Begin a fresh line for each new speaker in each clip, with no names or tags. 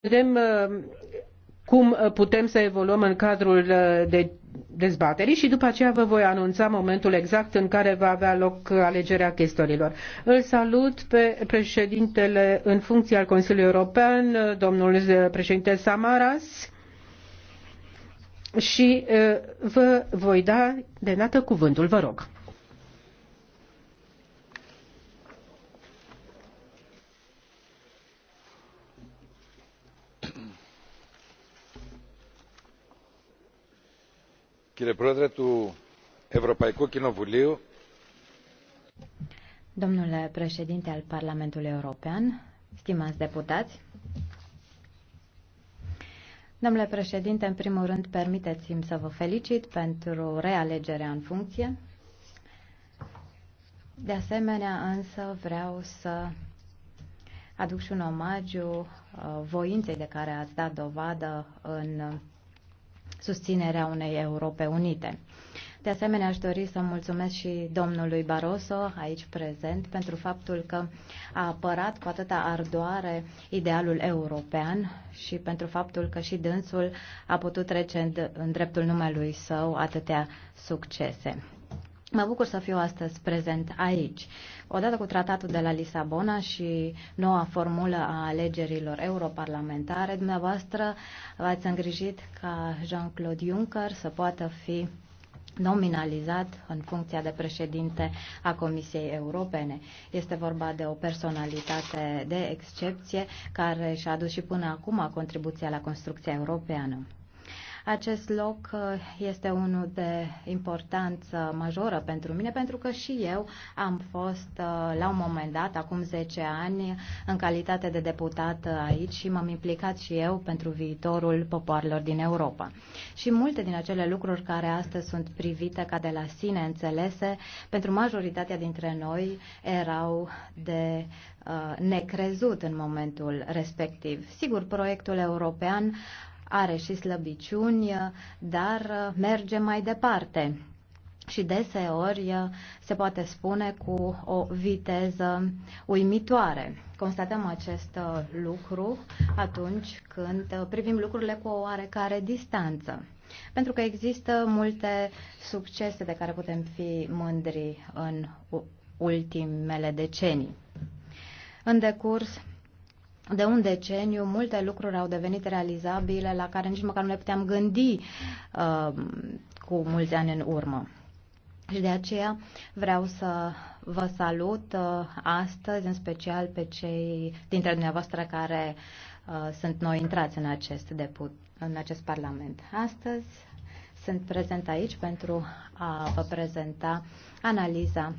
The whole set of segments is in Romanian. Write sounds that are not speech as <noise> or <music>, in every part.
vedem uh, cum uh, putem să evoluăm în cadrul uh, de dezbaterii și după aceea vă voi anunța momentul exact în care va avea loc alegerea chestorilor. Îl salut pe președintele în funcție al Consiliului European, domnul președinte Samaras și vă voi da de dată cuvântul, vă rog.
Domnule președinte al Parlamentului European, stimați deputați, Domnule președinte, în primul rând, permiteți-mi să vă felicit pentru realegerea în funcție. De asemenea, însă, vreau să aduc și un omagiu uh, voinței de care ați dat dovadă în susținerea unei Europe Unite. De asemenea, aș dori să mulțumesc și domnului Barroso, aici prezent, pentru faptul că a apărat cu atâta ardoare idealul european și pentru faptul că și dânsul a putut trece în dreptul numelui său atâtea succese. Mă bucur să fiu astăzi prezent aici. Odată cu tratatul de la Lisabona și noua formulă a alegerilor europarlamentare, dumneavoastră v-ați îngrijit ca Jean-Claude Juncker să poată fi nominalizat în funcția de președinte a Comisiei Europene. Este vorba de o personalitate de excepție care și-a adus și până acum contribuția la construcția europeană. Acest loc uh, este unul de importanță majoră pentru mine, pentru că și eu am fost uh, la un moment dat, acum 10 ani, în calitate de deputat aici și m-am implicat și eu pentru viitorul popoarelor din Europa. Și multe din acele lucruri care astăzi sunt privite ca de la sine înțelese, pentru majoritatea dintre noi erau de uh, necrezut în momentul respectiv. Sigur, proiectul european are și slăbiciuni, dar merge mai departe. Și deseori se poate spune cu o viteză uimitoare. Constatăm acest lucru atunci când privim lucrurile cu o oarecare distanță. Pentru că există multe succese de care putem fi mândri în ultimele decenii. În decurs de un deceniu multe lucruri au devenit realizabile la care nici măcar nu le puteam gândi uh, cu mulți ani în urmă. Și de aceea vreau să vă salut uh, astăzi, în special pe cei dintre dumneavoastră care uh, sunt noi intrați în acest, deput, în acest Parlament. Astăzi sunt prezent aici pentru a vă prezenta analiza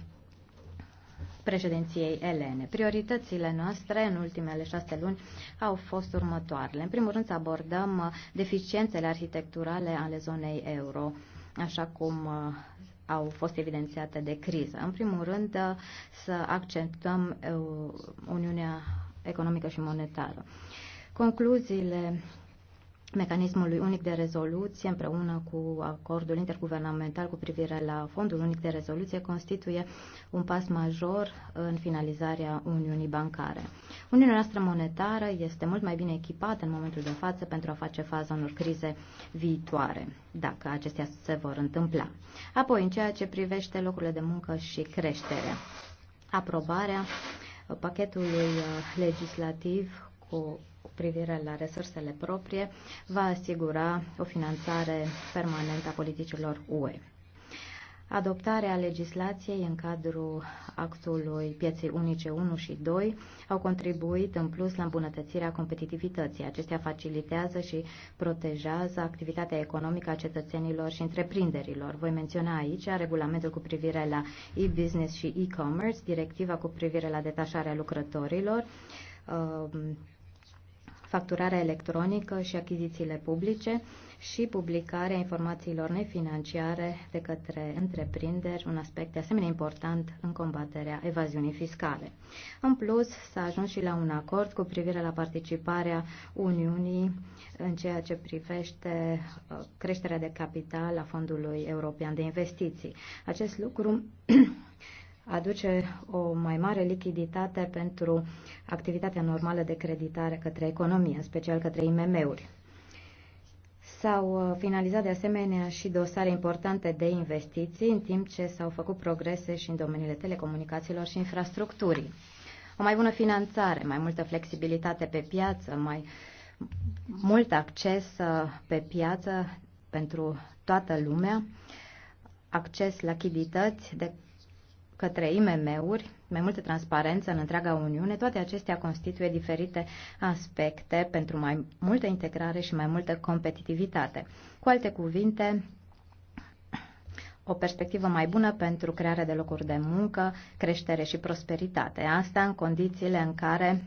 președinției elene. Prioritățile noastre în ultimele șase luni au fost următoarele. În primul rând să abordăm uh, deficiențele arhitecturale ale zonei euro, așa cum uh, au fost evidențiate de criză. În primul rând uh, să accentuăm Uniunea economică și monetară. Concluziile mecanismului unic de rezoluție împreună cu acordul interguvernamental cu privire la fondul unic de rezoluție constituie un pas major în finalizarea Uniunii Bancare. Uniunea noastră monetară este mult mai bine echipată în momentul de față pentru a face faza unor crize viitoare, dacă acestea se vor întâmpla. Apoi, în ceea ce privește locurile de muncă și creștere, aprobarea pachetului legislativ cu privire la resursele proprie va asigura o finanțare permanentă a politicilor UE. Adoptarea legislației în cadrul actului pieței unice 1 și 2 au contribuit în plus la îmbunătățirea competitivității. Acestea facilitează și protejează activitatea economică a cetățenilor și întreprinderilor. Voi menționa aici regulamentul cu privire la e-business și e-commerce, directiva cu privire la detașarea lucrătorilor, facturarea electronică și achizițiile publice și publicarea informațiilor nefinanciare de către întreprinderi, un aspect de asemenea important în combaterea evaziunii fiscale. În plus, s-a ajuns și la un acord cu privire la participarea Uniunii în ceea ce privește uh, creșterea de capital a Fondului European de Investiții. Acest lucru aduce o mai mare lichiditate pentru activitatea normală de creditare către economie, în special către IMM-uri. S-au uh, finalizat de asemenea și dosare importante de investiții, în timp ce s-au făcut progrese și în domeniile telecomunicațiilor și infrastructurii. O mai bună finanțare, mai multă flexibilitate pe piață, mai mult acces uh, pe piață pentru toată lumea, acces la chidități de către IMM-uri, mai multă transparență în întreaga Uniune, toate acestea constituie diferite aspecte pentru mai multă integrare și mai multă competitivitate. Cu alte cuvinte, o perspectivă mai bună pentru crearea de locuri de muncă, creștere și prosperitate. Asta în condițiile în care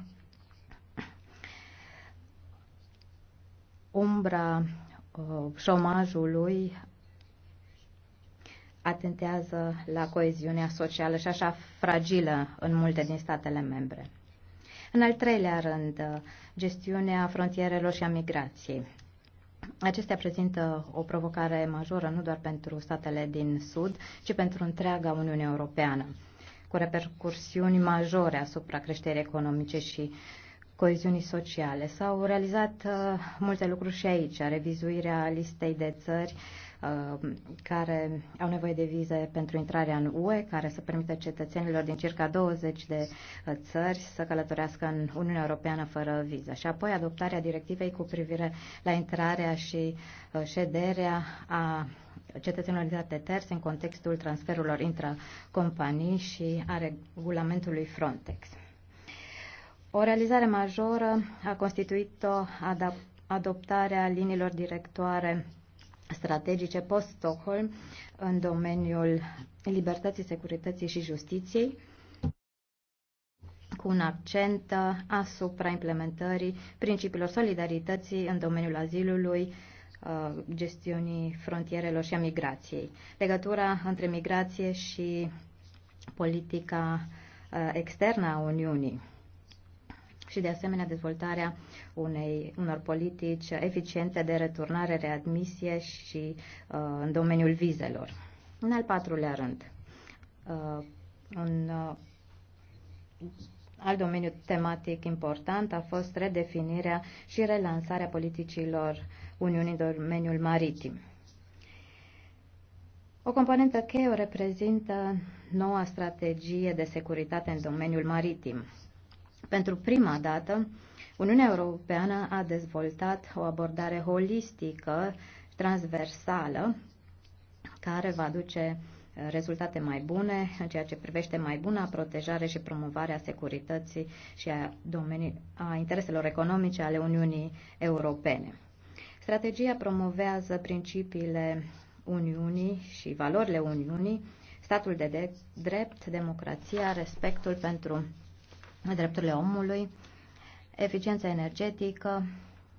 umbra uh, șomajului atentează la coeziunea socială și așa fragilă în multe din statele membre. În al treilea rând, gestiunea frontierelor și a migrației. Acestea prezintă o provocare majoră nu doar pentru statele din Sud, ci pentru întreaga Uniune Europeană, cu repercursiuni majore asupra creșterii economice și coeziunii sociale. S-au realizat uh, multe lucruri și aici, revizuirea listei de țări Uh, care au nevoie de vize pentru intrarea în UE, care să permită cetățenilor din circa 20 de uh, țări să călătorească în Uniunea Europeană fără viză. Și apoi adoptarea directivei cu privire la intrarea și uh, șederea a cetățenilor de state terțe în contextul transferurilor companii și a regulamentului Frontex. O realizare majoră a constituit-o adaptarea adoptarea liniilor directoare strategice post-Stockholm în domeniul libertății, securității și justiției, cu un accent asupra implementării principiilor solidarității în domeniul azilului, uh, gestiunii frontierelor și a migrației. Legătura între migrație și politica uh, externă a Uniunii și de asemenea dezvoltarea unei, unor politici eficiente de returnare, readmisie și uh, în domeniul vizelor. În al patrulea rând, uh, un uh, alt domeniu tematic important a fost redefinirea și relansarea politicilor Uniunii în domeniul maritim. O componentă cheie o reprezintă noua strategie de securitate în domeniul maritim, pentru prima dată, Uniunea Europeană a dezvoltat o abordare holistică, transversală, care va duce uh, rezultate mai bune în ceea ce privește mai bună protejare și promovarea securității și a, domenii, a intereselor economice ale Uniunii Europene. Strategia promovează principiile Uniunii și valorile Uniunii, statul de drept, democrația, respectul pentru drepturile omului, eficiența energetică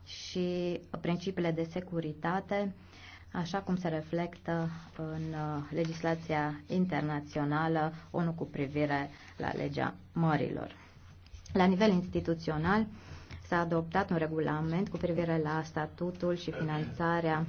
și principiile de securitate, așa cum se reflectă în uh, legislația internațională ONU cu privire la legea mărilor. La nivel instituțional s-a adoptat un regulament cu privire la statutul și finanțarea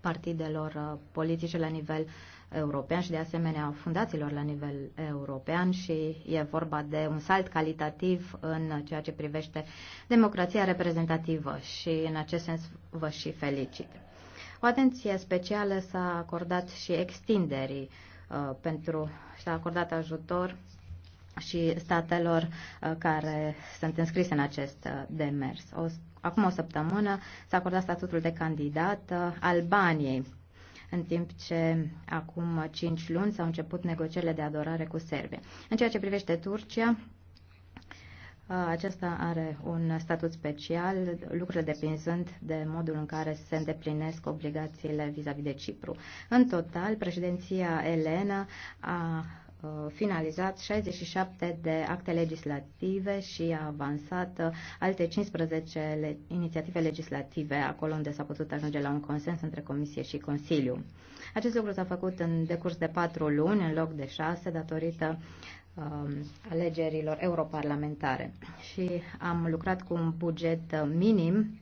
partidelor uh, politice la nivel european și de asemenea fundațiilor la nivel european și e vorba de un salt calitativ în ceea ce privește democrația reprezentativă și în acest sens vă și felicit. O atenție specială s-a acordat și extinderii uh, pentru s-a acordat ajutor și statelor uh, care sunt înscrise în acest uh, demers. O, acum o săptămână s-a acordat statutul de candidat uh, Albaniei în timp ce acum 5 luni s-au început negocierile de adorare cu Serbia. În ceea ce privește Turcia, acesta are un statut special, lucrurile depinzând de modul în care se îndeplinesc obligațiile vis-a-vis -vis de Cipru. În total, președinția Elena a finalizat 67 de acte legislative și a avansat uh, alte 15 le- inițiative legislative acolo unde s-a putut ajunge la un consens între Comisie și Consiliu. Acest lucru s-a făcut în decurs de patru luni în loc de șase datorită um, alegerilor europarlamentare și am lucrat cu un buget uh, minim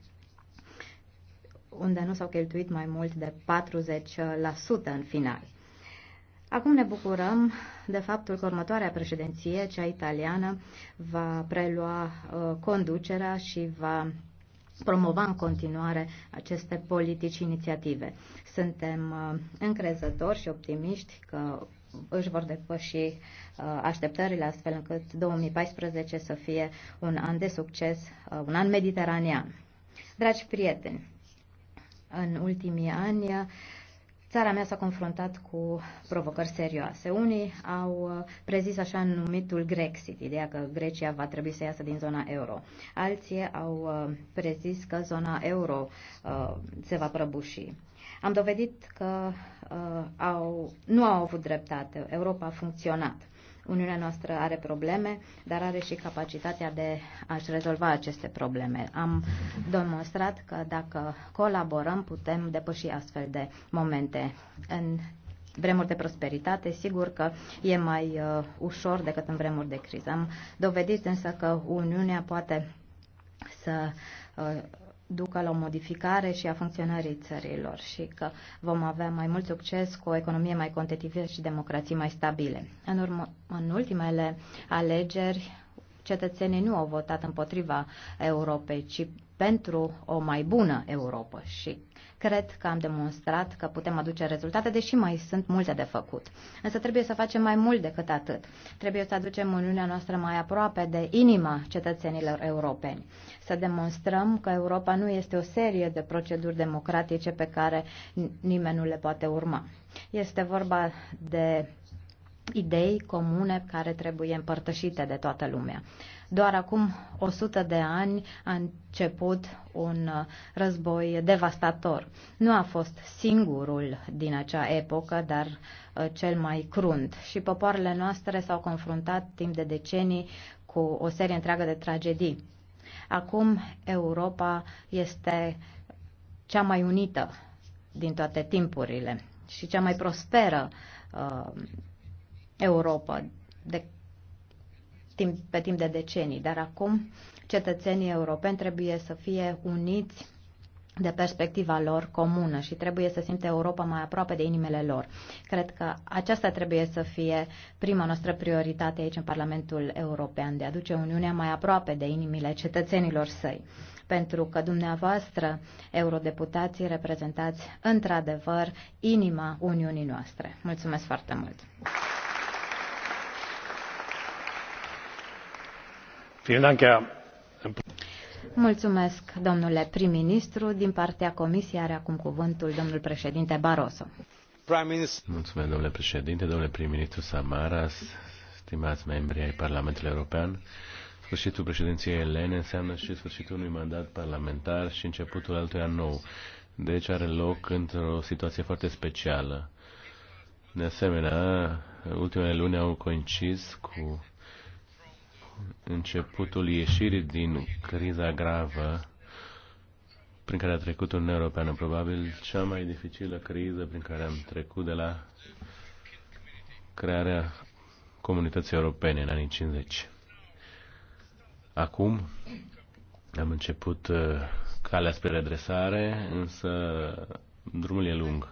unde nu s-au cheltuit mai mult de 40% în final. Acum ne bucurăm de faptul că următoarea președinție, cea italiană, va prelua uh, conducerea și va promova în continuare aceste politici inițiative. Suntem uh, încrezători și optimiști că își vor depăși uh, așteptările astfel încât 2014 să fie un an de succes, un an mediteranean. Dragi prieteni, în ultimii ani Țara mea s-a confruntat cu provocări serioase. Unii au uh, prezis așa numitul Grexit, ideea că Grecia va trebui să iasă din zona euro. Alții au uh, prezis că zona euro uh, se va prăbuși. Am dovedit că au, nu au avut dreptate. Europa a funcționat. Uniunea noastră are probleme, dar are și capacitatea de a-și rezolva aceste probleme. Am demonstrat că dacă colaborăm, putem depăși astfel de momente. În vremuri de prosperitate, sigur că e mai uh, ușor decât în vremuri de criză. Am dovedit însă că Uniunea poate să uh, ducă la o modificare și a funcționării țărilor și că vom avea mai mult succes cu o economie mai competitivă și democrații mai stabile. În, urmă, în ultimele alegeri, cetățenii nu au votat împotriva Europei, ci pentru o mai bună Europa și cred că am demonstrat că putem aduce rezultate, deși mai sunt multe de făcut. Însă trebuie să facem mai mult decât atât. Trebuie să aducem Uniunea noastră mai aproape de inima cetățenilor europeni. Să demonstrăm că Europa nu este o serie de proceduri democratice pe care nimeni nu le poate urma. Este vorba de idei comune care trebuie împărtășite de toată lumea. Doar acum 100 de ani a început un uh, război devastator. Nu a fost singurul din acea epocă, dar uh, cel mai crunt. Și popoarele noastre s-au confruntat timp de decenii cu o serie întreagă de tragedii. Acum Europa este cea mai unită din toate timpurile și cea mai prosperă uh, Europa de timp, pe timp de decenii, dar acum cetățenii europeni trebuie să fie uniți de perspectiva lor comună și trebuie să simte Europa mai aproape de inimile lor. Cred că aceasta trebuie să fie prima noastră prioritate aici în Parlamentul European, de a aduce Uniunea mai aproape de inimile cetățenilor săi. Pentru că dumneavoastră, eurodeputații, reprezentați într-adevăr inima Uniunii noastre. Mulțumesc foarte mult! Mulțumesc, domnule prim-ministru. Din partea Comisiei are acum cuvântul domnul președinte Barroso.
Mulțumesc, domnule președinte, domnule prim-ministru Samaras, stimați membri ai Parlamentului European. Sfârșitul președinției elene înseamnă și sfârșitul unui mandat parlamentar și începutul altui an nou. Deci are loc într-o situație foarte specială. De asemenea, ultimele luni au coincis cu începutul ieșirii din criza gravă prin care a trecut Uniunea Europeană, probabil cea mai dificilă criză prin care am trecut de la crearea comunității europene în anii 50. Acum am început uh, calea spre redresare, însă drumul e lung.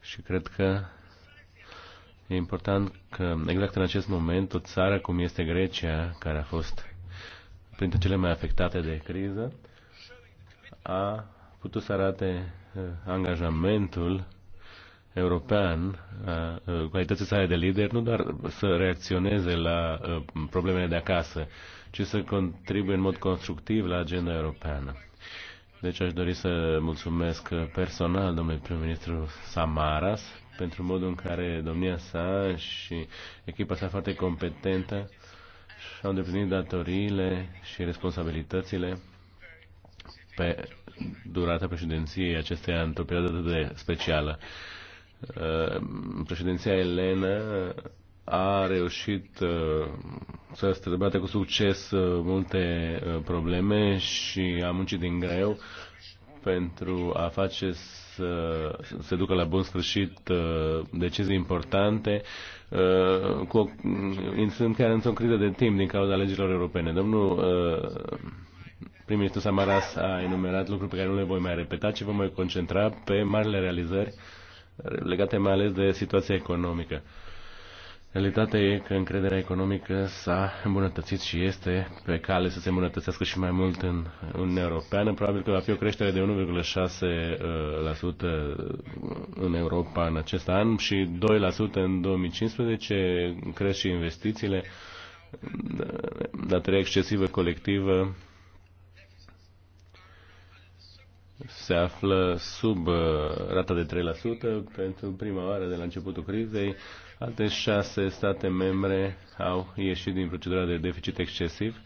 Și cred că E important că exact în acest moment o țară cum este Grecia, care a fost printre cele mai afectate de criză, a putut să arate eh, angajamentul european, eh, eh, calității sale de lider, nu doar să reacționeze la problemele de acasă, ci să contribuie în mod constructiv la agenda europeană. Deci aș dori să mulțumesc personal domnului prim-ministru Samaras pentru modul în care domnia sa și echipa sa foarte competentă și-au îndeplinit datoriile și responsabilitățile pe durata președinției acesteia într-o perioadă atât de specială. Uh, președinția Elena a reușit uh, să străbate cu succes uh, multe probleme și a muncit din greu pentru a face să se ducă la bun sfârșit uh, decizii importante uh, cu o, mm, sunt chiar într-o criză de timp din cauza legilor europene. Domnul uh, prim-ministru Samaras a enumerat lucruri pe care nu le voi mai repeta, ci vom mai concentra pe marile realizări legate mai ales de situația economică. Realitatea e că încrederea economică s-a îmbunătățit și este pe cale să se îmbunătățească și mai mult în Uniunea Europeană. Probabil că va fi o creștere de 1,6% în Europa în acest an și 2% în 2015. Cresc și investițiile, datoria excesivă colectivă se află sub uh, rata de 3% pentru prima oară de la începutul crizei. Alte șase state membre au ieșit din procedura de deficit excesiv,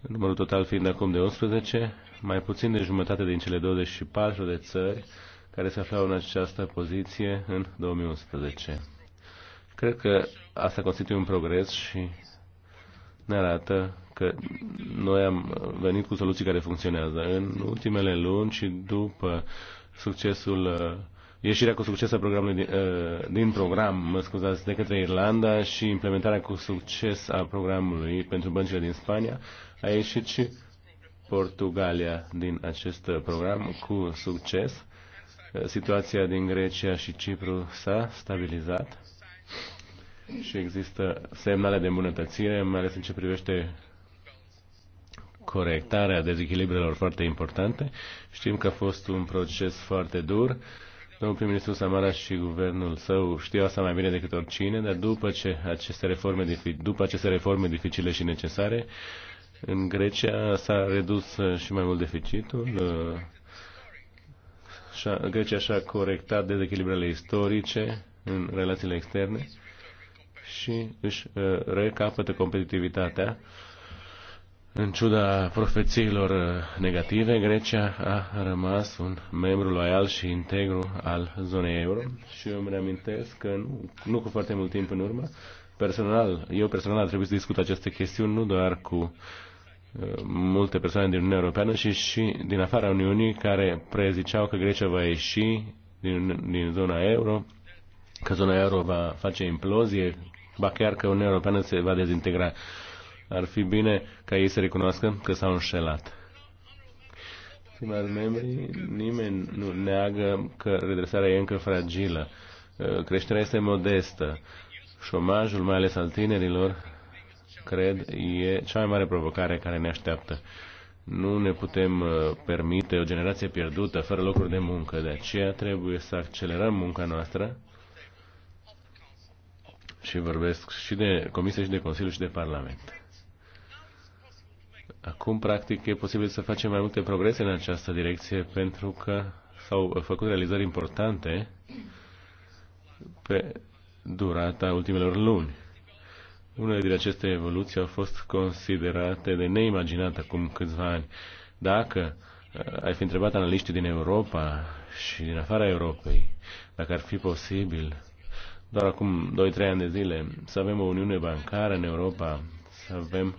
numărul total fiind acum de 11, mai puțin de jumătate din cele 24 de țări care se aflau în această poziție în 2011. Cred că asta constituie un progres și ne arată că noi am venit cu soluții care funcționează. În ultimele luni și după succesul uh, ieșirea cu succes a programului din, uh, din program, mă scuzați, de către Irlanda și implementarea cu succes a programului pentru băncile din Spania, a ieșit și Portugalia din acest program cu succes. Uh, situația din Grecia și Cipru s-a stabilizat și există semnale de îmbunătățire, mai ales în ce privește corectare a dezechilibrelor foarte importante. Știm că a fost un proces foarte dur. Domnul prim-ministru Samara și guvernul său știau asta mai bine decât oricine, dar după, ce aceste reforme, după aceste reforme dificile și necesare, în Grecia s-a redus și mai mult deficitul. Uh, Grecia și-a corectat dezechilibrele istorice în relațiile externe și își uh, recapătă competitivitatea în ciuda profețiilor uh, negative, Grecia a rămas un membru loial și integru al zonei euro și eu îmi reamintesc că nu, nu cu foarte mult timp în urmă, personal, eu personal a trebuit să discut aceste chestiuni nu doar cu uh, multe persoane din Uniunea Europeană și și din afara Uniunii care preziceau că Grecia va ieși din, din zona euro, că zona euro va face implozie, ba chiar că Uniunea Europeană se va dezintegra ar fi bine ca ei să recunoască că s-au înșelat. Stimați membri, nimeni nu neagă că redresarea e încă fragilă. Uh, creșterea este modestă. Șomajul, mai ales al tinerilor, cred, e cea mai mare provocare care ne așteaptă. Nu ne putem uh, permite o generație pierdută fără locuri de muncă, de aceea trebuie să accelerăm munca noastră și vorbesc și de Comisie și de Consiliu și de Parlament. Acum, practic, e posibil să facem mai multe progrese în această direcție pentru că s-au făcut realizări importante pe durata ultimelor luni. Unele din aceste evoluții au fost considerate de neimaginat acum câțiva ani. Dacă uh, ai fi întrebat analiștii din Europa și din afara Europei dacă ar fi posibil doar acum 2-3 ani de zile să avem o uniune bancară în Europa, să avem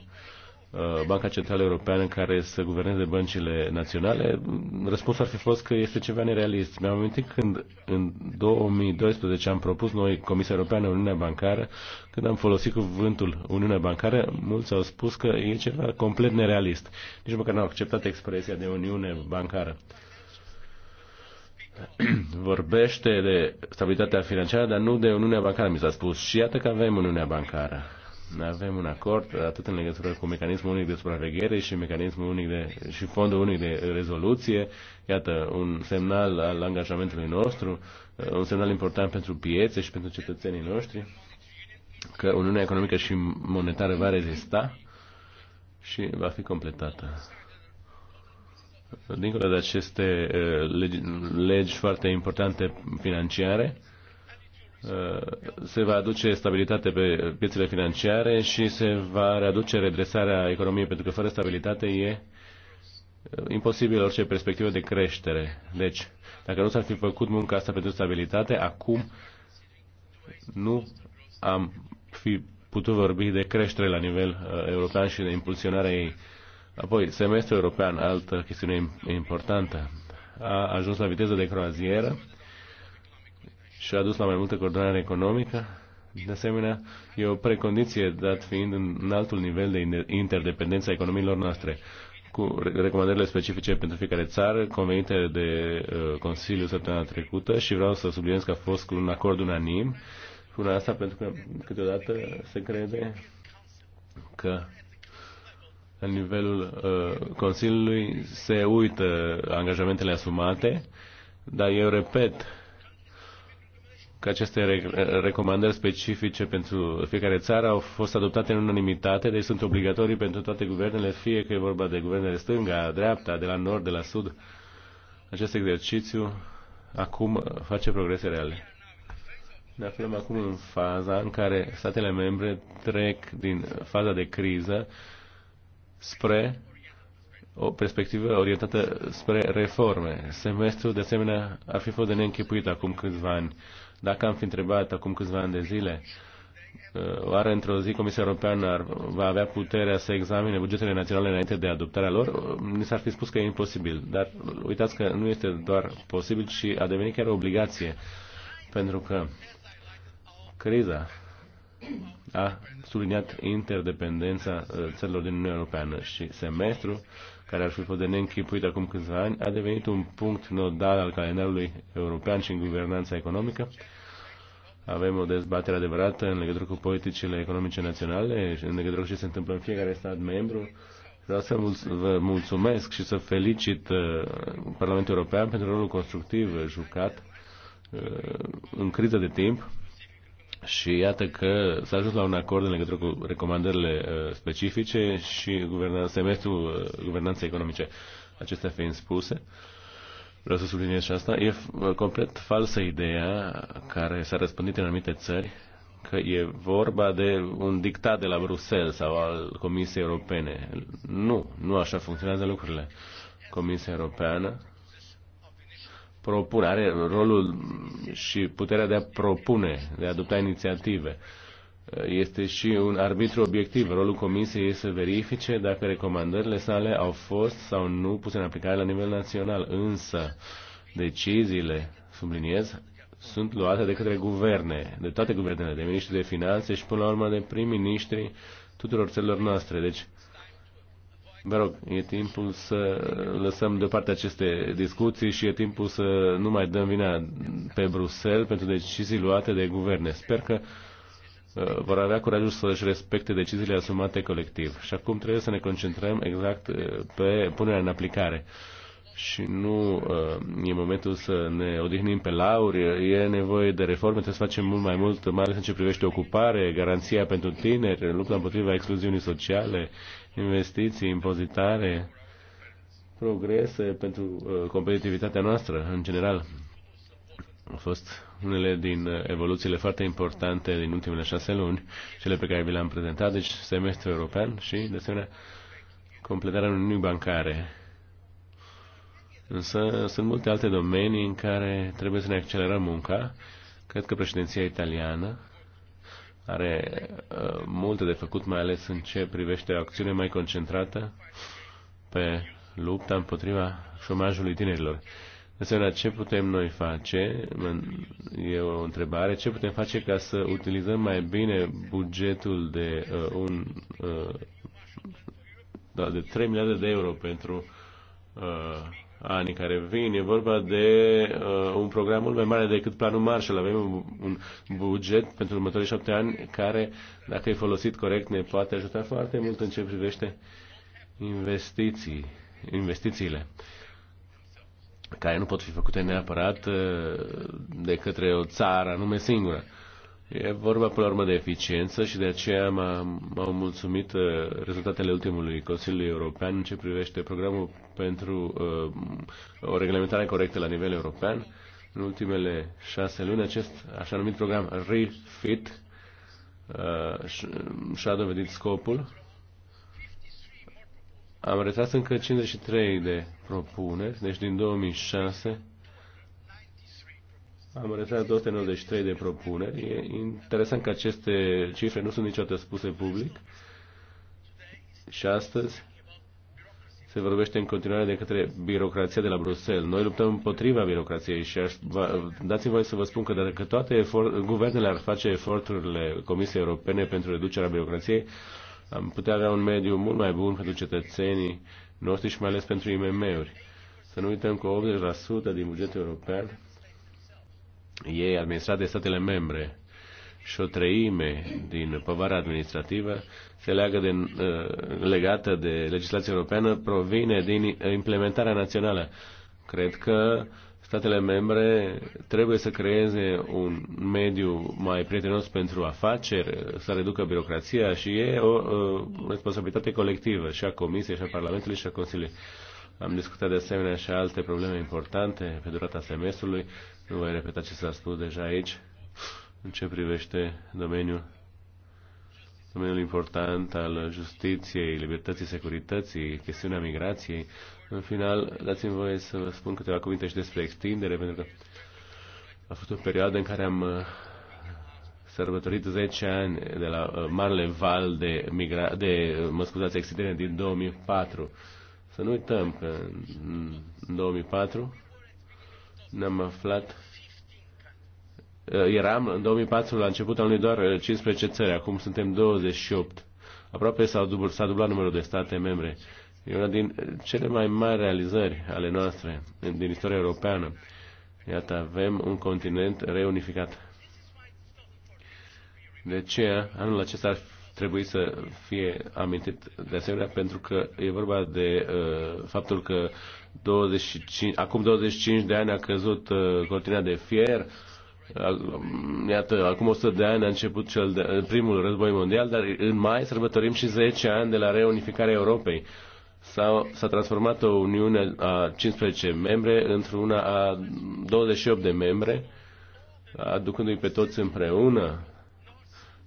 Uh, Banca Centrală Europeană care să guverneze băncile naționale, răspunsul ar fi fost că este ceva nerealist. Mi-am amintit când în 2012 am propus noi Comisia Europeană Uniunea Bancară, când am folosit cuvântul Uniunea Bancară, mulți au spus că e ceva complet nerealist. Nici măcar n-au acceptat expresia de Uniune Bancară <clears throat> vorbește de stabilitatea financiară, dar nu de Uniunea Bancară, mi s-a spus. Și iată că avem Uniunea Bancară avem un acord atât în legătură cu mecanismul unic de supraveghere și mecanismul unic de, și fondul unic de rezoluție. Iată, un semnal al angajamentului nostru, uh, un semnal important pentru piețe și pentru cetățenii noștri că Uniunea Economică și Monetară va rezista și va fi completată. Dincolo de aceste uh, legi, legi foarte importante financiare, Uh, se va aduce stabilitate pe piețele financiare și se va readuce redresarea economiei, pentru că fără stabilitate e uh, imposibil orice perspectivă de creștere. Deci, dacă nu s-ar fi făcut munca asta pentru stabilitate, acum nu am fi putut vorbi de creștere la nivel uh, european și de impulsionarea ei. Apoi, semestrul european, altă chestiune importantă, a ajuns la viteză de croazieră și a dus la mai multă coordonare economică. De asemenea, e o precondiție dat fiind în altul nivel de interdependență a economiilor noastre cu recomandările specifice pentru fiecare țară convenite de uh, Consiliu săptămâna trecută și vreau să subliniez că a fost cu un acord unanim. Spun asta pentru că câteodată se crede că la nivelul uh, Consiliului se uită angajamentele asumate, dar eu repet, că aceste recomandări specifice pentru fiecare țară au fost adoptate în unanimitate, deci sunt obligatorii pentru toate guvernele, fie că e vorba de guvernele stânga, dreapta, de la nord, de la sud. Acest exercițiu acum face progrese reale. Ne aflăm acum în faza în care statele membre trec din faza de criză spre o perspectivă orientată spre reforme. Semestrul, de asemenea, ar fi fost de neînchipuit acum câțiva ani. Dacă am fi întrebat acum câțiva ani de zile, uh, oare într-o zi Comisia Europeană ar, va avea puterea să examine bugetele naționale înainte de adoptarea lor, uh, ni s-ar fi spus că e imposibil. Dar uitați că nu este doar posibil, ci a devenit chiar o obligație. Pentru că criza a subliniat interdependența uh, țărilor din Uniunea Europeană și semestru care ar fi fost de neînchipuit acum câțiva ani, a devenit un punct nodal al calendarului european și în guvernanța economică. Avem o dezbatere adevărată în legătură cu politicile economice naționale și în legătură cu ce se întâmplă în fiecare stat membru. Vreau să vă mulțumesc și să felicit uh, Parlamentul European pentru rolul constructiv jucat uh, în criză de timp și iată că s-a ajuns la un acord în legătură cu recomandările uh, specifice și guvernan- semestrul uh, guvernanței economice. Acestea fiind spuse, vreau să subliniez și asta, e uh, complet falsă ideea care s-a răspândit în anumite țări că e vorba de un dictat de la Bruxelles sau al Comisiei Europene. Nu, nu așa funcționează lucrurile. Comisia Europeană propune, are rolul și puterea de a propune, de a adopta inițiative. Este și un arbitru obiectiv. Rolul comisiei este să verifice dacă recomandările sale au fost sau nu puse în aplicare la nivel național. Însă, deciziile, subliniez, sunt luate de către guverne, de toate guvernele, de miniștri de finanțe și până la urmă de prim-ministri tuturor țărilor noastre. Deci, Vă rog, e timpul să lăsăm deoparte aceste discuții și e timpul să nu mai dăm vina pe Bruxelles pentru decizii luate de guverne. Sper că uh, vor avea curajul să își respecte deciziile asumate colectiv. Și acum trebuie să ne concentrăm exact uh, pe punerea în aplicare. Și nu uh, e momentul să ne odihnim pe lauri, e nevoie de reforme, trebuie să facem mult mai mult, mai ales în ce privește ocupare, garanția pentru tineri, lupta împotriva excluziunii sociale, investiții, impozitare, progrese pentru uh, competitivitatea noastră în general. Au fost unele din evoluțiile foarte importante din ultimele șase luni, cele pe care vi le-am prezentat, deci semestrul european și, de asemenea, completarea unui Bancare. Însă sunt multe alte domenii în care trebuie să ne accelerăm munca. Cred că președinția italiană are uh, multe de făcut, mai ales în ce privește o acțiune mai concentrată pe lupta împotriva șomajului tinerilor. Înseamnă, ce putem noi face? E o întrebare. Ce putem face ca să utilizăm mai bine bugetul de, uh, un, uh, da, de 3 miliarde de euro pentru uh, anii care vin. E vorba de uh, un program mult mai mare decât planul Marshall. Avem un, un buget pentru următorii șapte ani care, dacă e folosit corect, ne poate ajuta foarte mult în ce privește investiții, investițiile care nu pot fi făcute neapărat uh, de către o țară anume singură. E vorba până la urmă de eficiență și de aceea m-au mulțumit uh, rezultatele ultimului Consiliu European în ce privește programul pentru uh, o reglementare corectă la nivel european. În ultimele șase luni acest așa numit program REFIT uh, uh și-a dovedit scopul. Am retras încă 53 de propuneri, deci din 2006 am înregistrat 293 de propuneri. E interesant că aceste cifre nu sunt niciodată spuse public. Și astăzi se vorbește în continuare de către birocrația de la Bruxelles. Noi luptăm împotriva birocrației și dați-mi voie să vă spun că dacă toate efort, guvernele ar face eforturile Comisiei Europene pentru reducerea birocrației, am putea avea un mediu mult mai bun pentru cetățenii noștri și mai ales pentru IMM-uri. Să nu uităm că 80% din bugetul european e administrat de statele membre și o treime din povara administrativă se leagă de, uh, legată de legislația europeană provine din implementarea națională. Cred că statele membre trebuie să creeze un mediu mai prietenos pentru afaceri, să reducă birocrația și e o, o uh, responsabilitate colectivă și a Comisiei, și a Parlamentului, și a Consiliului. Am discutat de asemenea și alte probleme importante pe durata semestrului. Nu voi repeta ce s-a spus deja aici în ce privește domeniul domeniul important al justiției, libertății, securității, chestiunea migrației. În final, dați-mi voie să vă spun câteva cuvinte și despre extindere, pentru că a fost o perioadă în care am uh, sărbătorit 10 ani de la uh, marele val de, migra- de uh, mă scuzați, extindere din 2004. Să nu uităm că în 2004 ne-am aflat eh, eram în 2004 la început al unui doar 15 eh, țări, acum suntem 28. Aproape s-a dublat, dublat numărul de state membre. E una din eh, cele mai mari realizări ale noastre din istoria europeană. Iată, avem un continent reunificat. De aceea, anul acesta ar trebuie să fie amintit de asemenea pentru că e vorba de uh, faptul că 25, acum 25 de ani a căzut uh, cortina de fier, um, Iată, acum 100 de ani a început cel de, uh, primul război mondial, dar în mai sărbătorim și 10 ani de la reunificarea Europei. S-a, s-a transformat o uniune a 15 membre într-una a 28 de membre, aducându-i pe toți împreună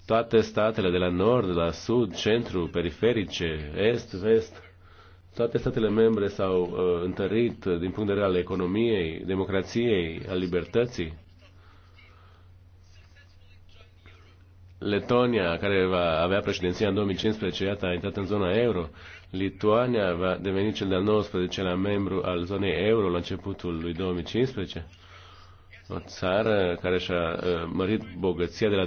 toate statele de la nord, de la sud, centru, periferice, est, vest, toate statele membre s-au uh, întărit din punct de vedere al economiei, democrației, al libertății. Letonia, care va avea președinția în 2015, iată, a intrat în zona euro. Lituania va deveni cel de-al 19-lea membru al zonei euro la începutul lui 2015 o țară care și-a uh, mărit bogăția de la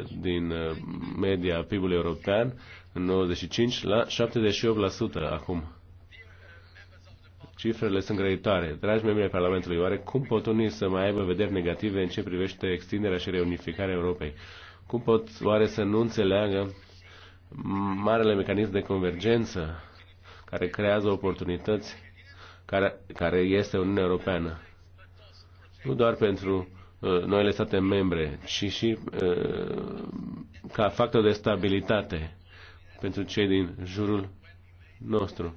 35% din uh, media PIB-ului european în 95 la 78% acum. Cifrele sunt grăitoare. Dragi membri ai Parlamentului, oare cum pot unii să mai aibă vederi negative în ce privește extinderea și reunificarea Europei? Cum pot oare să nu înțeleagă marele mecanism de convergență care creează oportunități care, care este Uniunea Europeană? nu doar pentru uh, noile state membre, ci și uh, ca factor de stabilitate pentru cei din jurul nostru.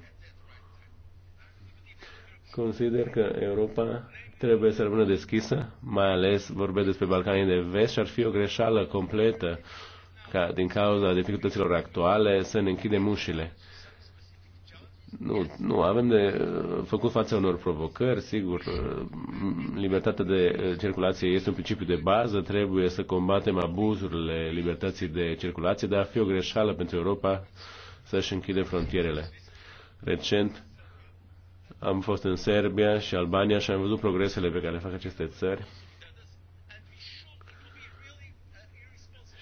Consider că Europa trebuie să rămână deschisă, mai ales vorbesc despre Balcanii de Vest și ar fi o greșeală completă ca din cauza dificultăților actuale să ne închidem ușile. Nu, nu, avem de uh, făcut față unor provocări, sigur, uh, libertatea de uh, circulație este un principiu de bază, trebuie să combatem abuzurile libertății de circulație, dar ar fi o greșeală pentru Europa să-și închide frontierele. Recent am fost în Serbia și Albania și am văzut progresele pe care le fac aceste țări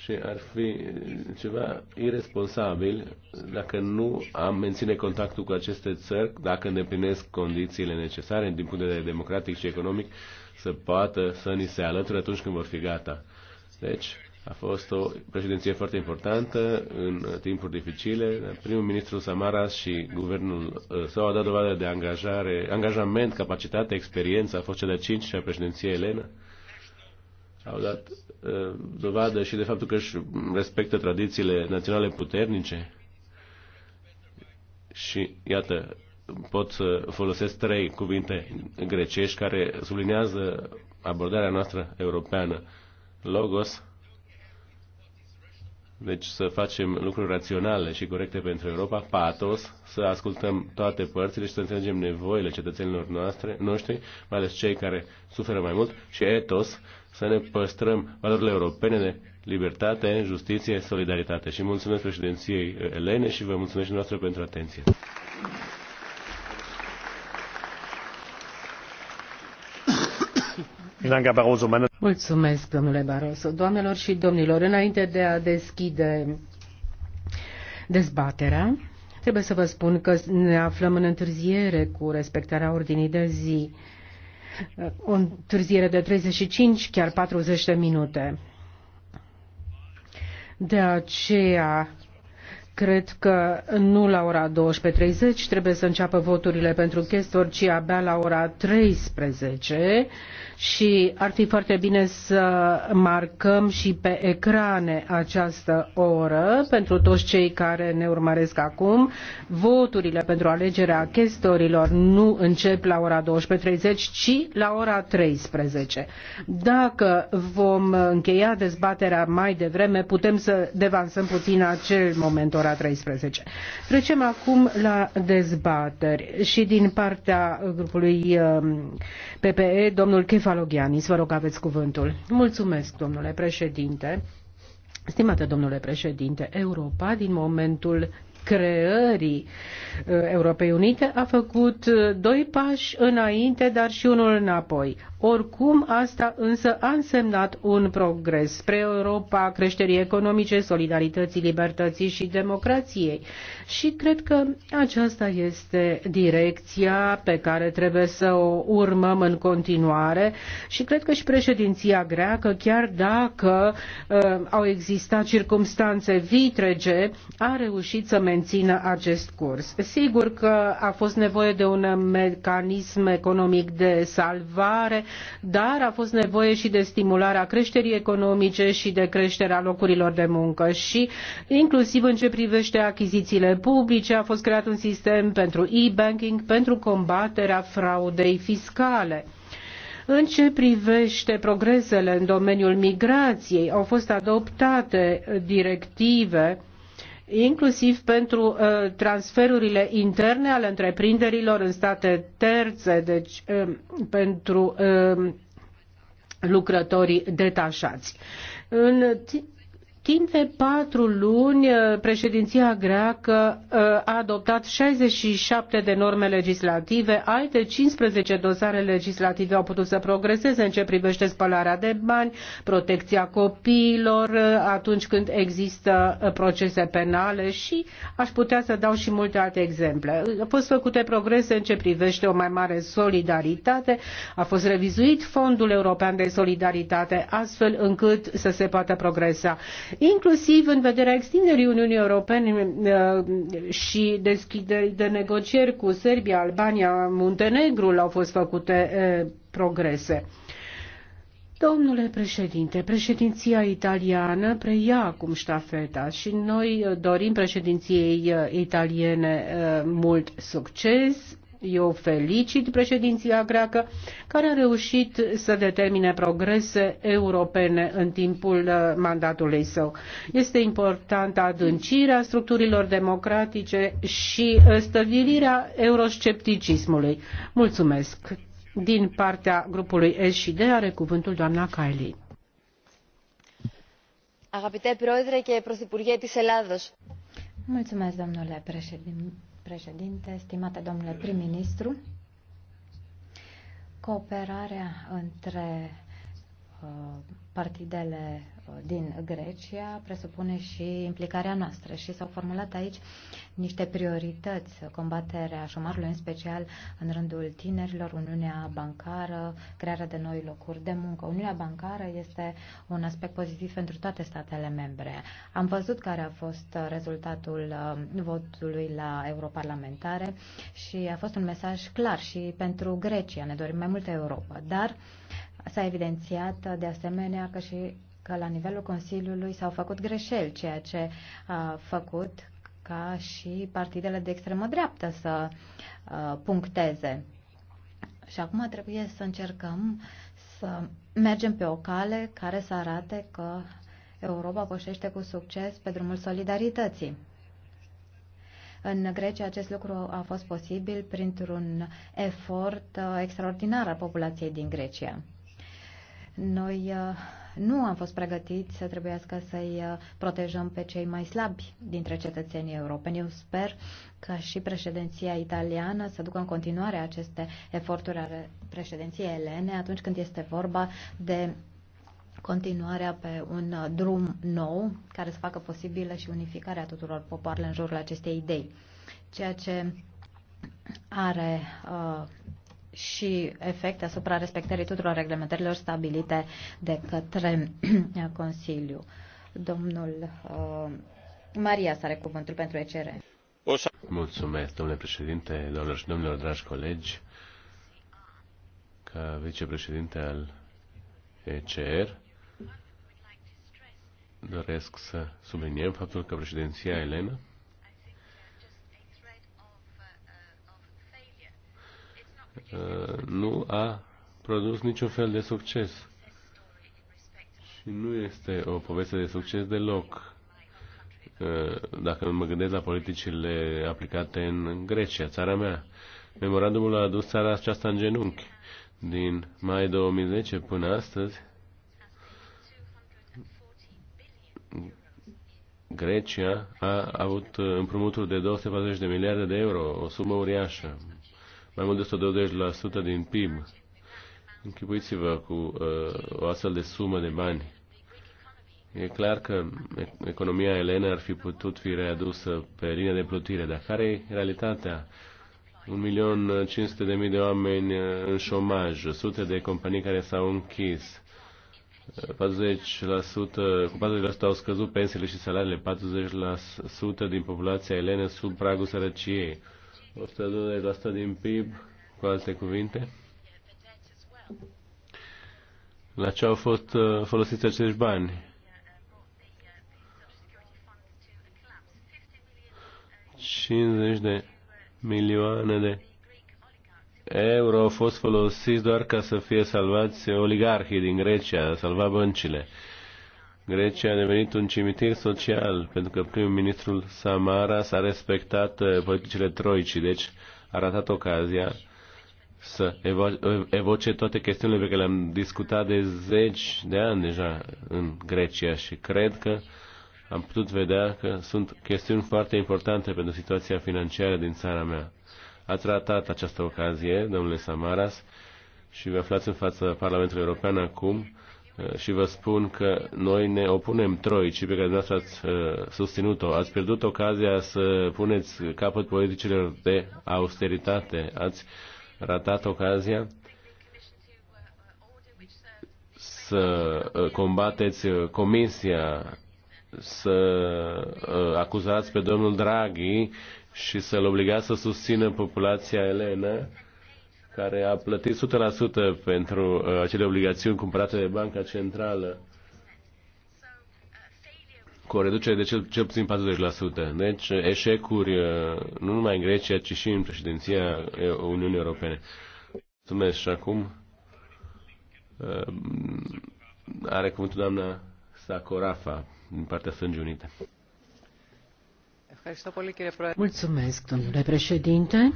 și ar fi ceva irresponsabil dacă nu am menține contactul cu aceste țări, dacă îndeplinesc condițiile necesare din punct de vedere democratic și economic să poată să ni se alăture atunci când vor fi gata. Deci, a fost o președinție foarte importantă în timpuri dificile. Primul ministru Samaras și guvernul uh, său au dat dovadă de angajare, angajament, capacitate, experiență. A fost cea de-a cincea președinție Elena. Au dat Uh, dovadă și de faptul că își respectă tradițiile naționale puternice. Și, iată, pot să folosesc trei cuvinte grecești care sublinează abordarea noastră europeană. Logos, deci să facem lucruri raționale și corecte pentru Europa, patos, să ascultăm toate părțile și să înțelegem nevoile cetățenilor noastre, noștri, mai ales cei care suferă mai mult, și etos, să ne păstrăm valorile europene de libertate, justiție, solidaritate. Și mulțumesc președinției Elene și vă mulțumesc noastră pentru atenție. Mulțumesc,
domnule Barroso. Doamnelor și domnilor, înainte de a deschide dezbaterea, trebuie să vă spun că ne aflăm în întârziere cu respectarea ordinii de zi. O întârziere de 35, chiar 40 de minute. De aceea Cred că nu la ora 12.30 trebuie să înceapă voturile pentru chestori, ci abia la ora 13 și ar fi foarte bine să marcăm și pe ecrane această oră pentru toți cei care ne urmăresc acum. Voturile pentru alegerea chestorilor nu încep la ora 12.30, ci la ora 13. Dacă vom încheia dezbaterea mai devreme, putem să devansăm puțin acel moment ora 13. Trecem acum la dezbateri și din partea grupului um, PPE, domnul Kefalogianis, vă rog aveți cuvântul. Mulțumesc, domnule președinte. Stimate domnule președinte, Europa din momentul creării uh, Europei Unite a făcut uh, doi pași înainte, dar și unul înapoi. Oricum, asta însă a însemnat un progres spre Europa creșterii economice, solidarității, libertății și democrației. Și cred că aceasta este direcția pe care trebuie să o urmăm în continuare și cred că și președinția greacă, chiar dacă uh, au existat circumstanțe vitrege, a reușit să mențină acest curs. Sigur că a fost nevoie de un mecanism economic de salvare, dar a fost nevoie și de stimularea creșterii economice și de creșterea locurilor de muncă și inclusiv în ce privește achizițiile publice a fost creat un sistem pentru e-banking pentru combaterea fraudei fiscale. În ce privește progresele în domeniul migrației, au fost adoptate directive inclusiv pentru uh, transferurile interne ale întreprinderilor în state terțe, deci um, pentru um, lucrătorii detașați. În Timp de patru luni, uh, președinția greacă uh, a adoptat 67 de norme legislative, alte 15 dosare legislative au putut să progreseze în ce privește spălarea de bani, protecția copiilor uh, atunci când există procese penale și aș putea să dau și multe alte exemple. Au fost făcute progrese în ce privește o mai mare solidaritate, a fost revizuit Fondul European de Solidaritate astfel încât să se poată progresa inclusiv în vederea extinderii Uniunii Europene uh, și deschiderii de negocieri cu Serbia, Albania, Muntenegrul au fost făcute uh, progrese. Domnule președinte, președinția italiană preia acum ștafeta și noi dorim președinției uh, italiene mult succes eu felicit președinția greacă care a reușit să determine progrese europene în timpul uh, mandatului său. Este importantă adâncirea structurilor democratice și uh, stăvilirea euroscepticismului. Mulțumesc! Din partea grupului S are cuvântul doamna Kylie.
Agapite Proedre και Πρωθυπουργέ της Ελλάδος. Mulțumesc, domnule președinte președinte, stimate domnule prim-ministru, cooperarea între uh, partidele din Grecia presupune și implicarea noastră și s-au formulat aici niște priorități, combaterea șomarului, în special în rândul tinerilor, Uniunea Bancară, crearea de noi locuri de muncă. Uniunea Bancară este un aspect pozitiv pentru toate statele membre. Am văzut care a fost rezultatul um, votului la europarlamentare și a fost un mesaj clar și pentru Grecia. Ne dorim mai multă Europa, dar S-a evidențiat de asemenea că și că la nivelul Consiliului s-au făcut greșeli, ceea ce a făcut ca și partidele de extremă dreaptă să puncteze. Și acum trebuie să încercăm să mergem pe o cale care să arate că Europa pășește cu succes pe drumul solidarității. În Grecia acest lucru a fost posibil printr-un efort uh, extraordinar al populației din Grecia. Noi uh, nu am fost pregătiți să trebuiască să-i uh, protejăm pe cei mai slabi dintre cetățenii europeni. Eu sper că și președinția italiană să ducă în continuare aceste eforturi ale președinției elene atunci când este vorba de continuarea pe un uh, drum nou care să facă posibilă și unificarea tuturor popoarele în jurul acestei idei. Ceea ce are uh, și efecte asupra respectării tuturor reglementărilor stabilite de către <clears throat> Consiliu. Domnul uh, Maria are cuvântul pentru ECR.
Mulțumesc, domnule președinte, doamnelor și domnilor, dragi colegi. Ca vicepreședinte al ECR, doresc să subliniem faptul că președinția Elena Uh, nu a produs niciun fel de succes. Și nu este o poveste de succes deloc. Uh, dacă mă gândesc la politicile aplicate în Grecia, țara mea, memorandumul a adus țara aceasta în genunchi. Din mai 2010 până astăzi, Grecia a avut împrumuturi de 240 de miliarde de euro, o sumă uriașă, mai mult de 120% din PIB. Închipuiți-vă cu uh, o astfel de sumă de bani. E clar că economia elena ar fi putut fi readusă pe linia de plutire, dar care e realitatea? 1.500.000 uh, de oameni uh, în șomaj, sute de companii care s-au închis, 40%, uh, cu 40% au scăzut pensiile și salariile, 40% din populația Elena sub pragul sărăciei. 120% din PIB, cu alte cuvinte. La ce au fost uh, folosiți acești bani? cincizeci de milioane de euro au fost folosiți doar ca să fie salvați oligarhii din Grecia, salva băncile. Grecia a devenit un cimitir social, pentru că prim-ministrul Samara s-a respectat uh, politicile troicii, deci a ratat ocazia să evo- evoce toate chestiunile pe care le-am discutat de zeci de ani deja în Grecia și cred că am putut vedea că sunt chestiuni foarte importante pentru situația financiară din țara mea. Ați ratat această ocazie, domnule Samaras, și vă aflați în fața Parlamentului European acum Uh, și vă spun că noi ne opunem troicii pe care dumneavoastră ați uh, susținut-o. Ați pierdut ocazia să puneți capăt politicilor de austeritate. Ați ratat ocazia să uh, combateți comisia, să acuzați pe domnul Draghi și să-l obligați să susțină populația elenă care a plătit 100% pentru uh, acele obligațiuni cumpărate de Banca Centrală cu o reducere de cel, cel puțin 40%. Deci uh, eșecuri uh, nu numai în Grecia, ci și în președinția uh, Uniunii Europene. Mulțumesc și acum uh, are cuvântul doamna Sacorafa din partea Sângii Unite.
Mulțumesc, domnule președinte.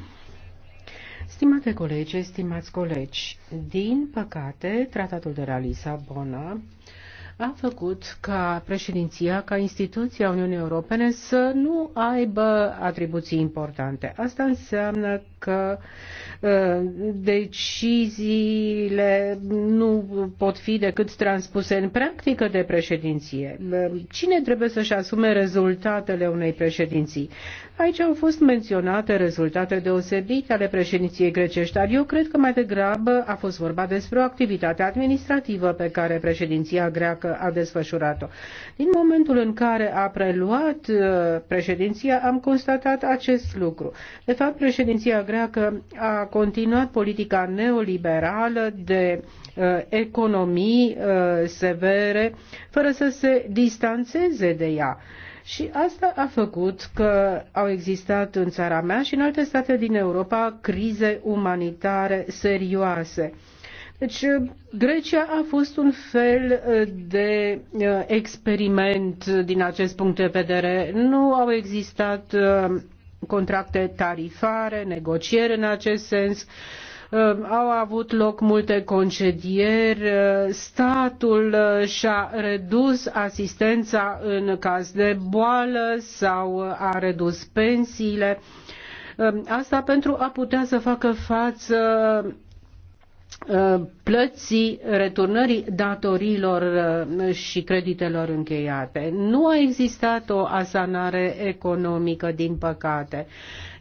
Stimate colegi, stimați colegi, din păcate, tratatul de la Lisabona a făcut ca președinția, ca instituția Uniunii Europene să nu aibă atribuții importante. Asta înseamnă că ă, deciziile nu pot fi decât transpuse în practică de președinție. Ă, cine trebuie să-și asume rezultatele unei președinții? Aici au fost menționate rezultate deosebite ale președinției grecești, dar eu cred că mai degrabă a fost vorba despre o activitate administrativă pe care președinția greacă a desfășurat-o. Din momentul în care a preluat ă, președinția, am constatat acest lucru. De fapt, președinția greacă a continuat politica neoliberală de uh, economii uh, severe, fără să se distanțeze de ea. Și asta a făcut că au existat în țara mea și în alte state din Europa crize umanitare serioase. Deci, uh, Grecia a fost un fel de experiment din acest punct de vedere. Nu au existat contracte tarifare, negocieri în acest sens. Uh, au avut loc multe concedieri, uh, statul uh, și-a redus asistența în caz de boală sau a redus pensiile. Asta pentru a putea să facă față Uh, plății returnării datorilor uh, și creditelor încheiate. Nu a existat o asanare economică, din păcate.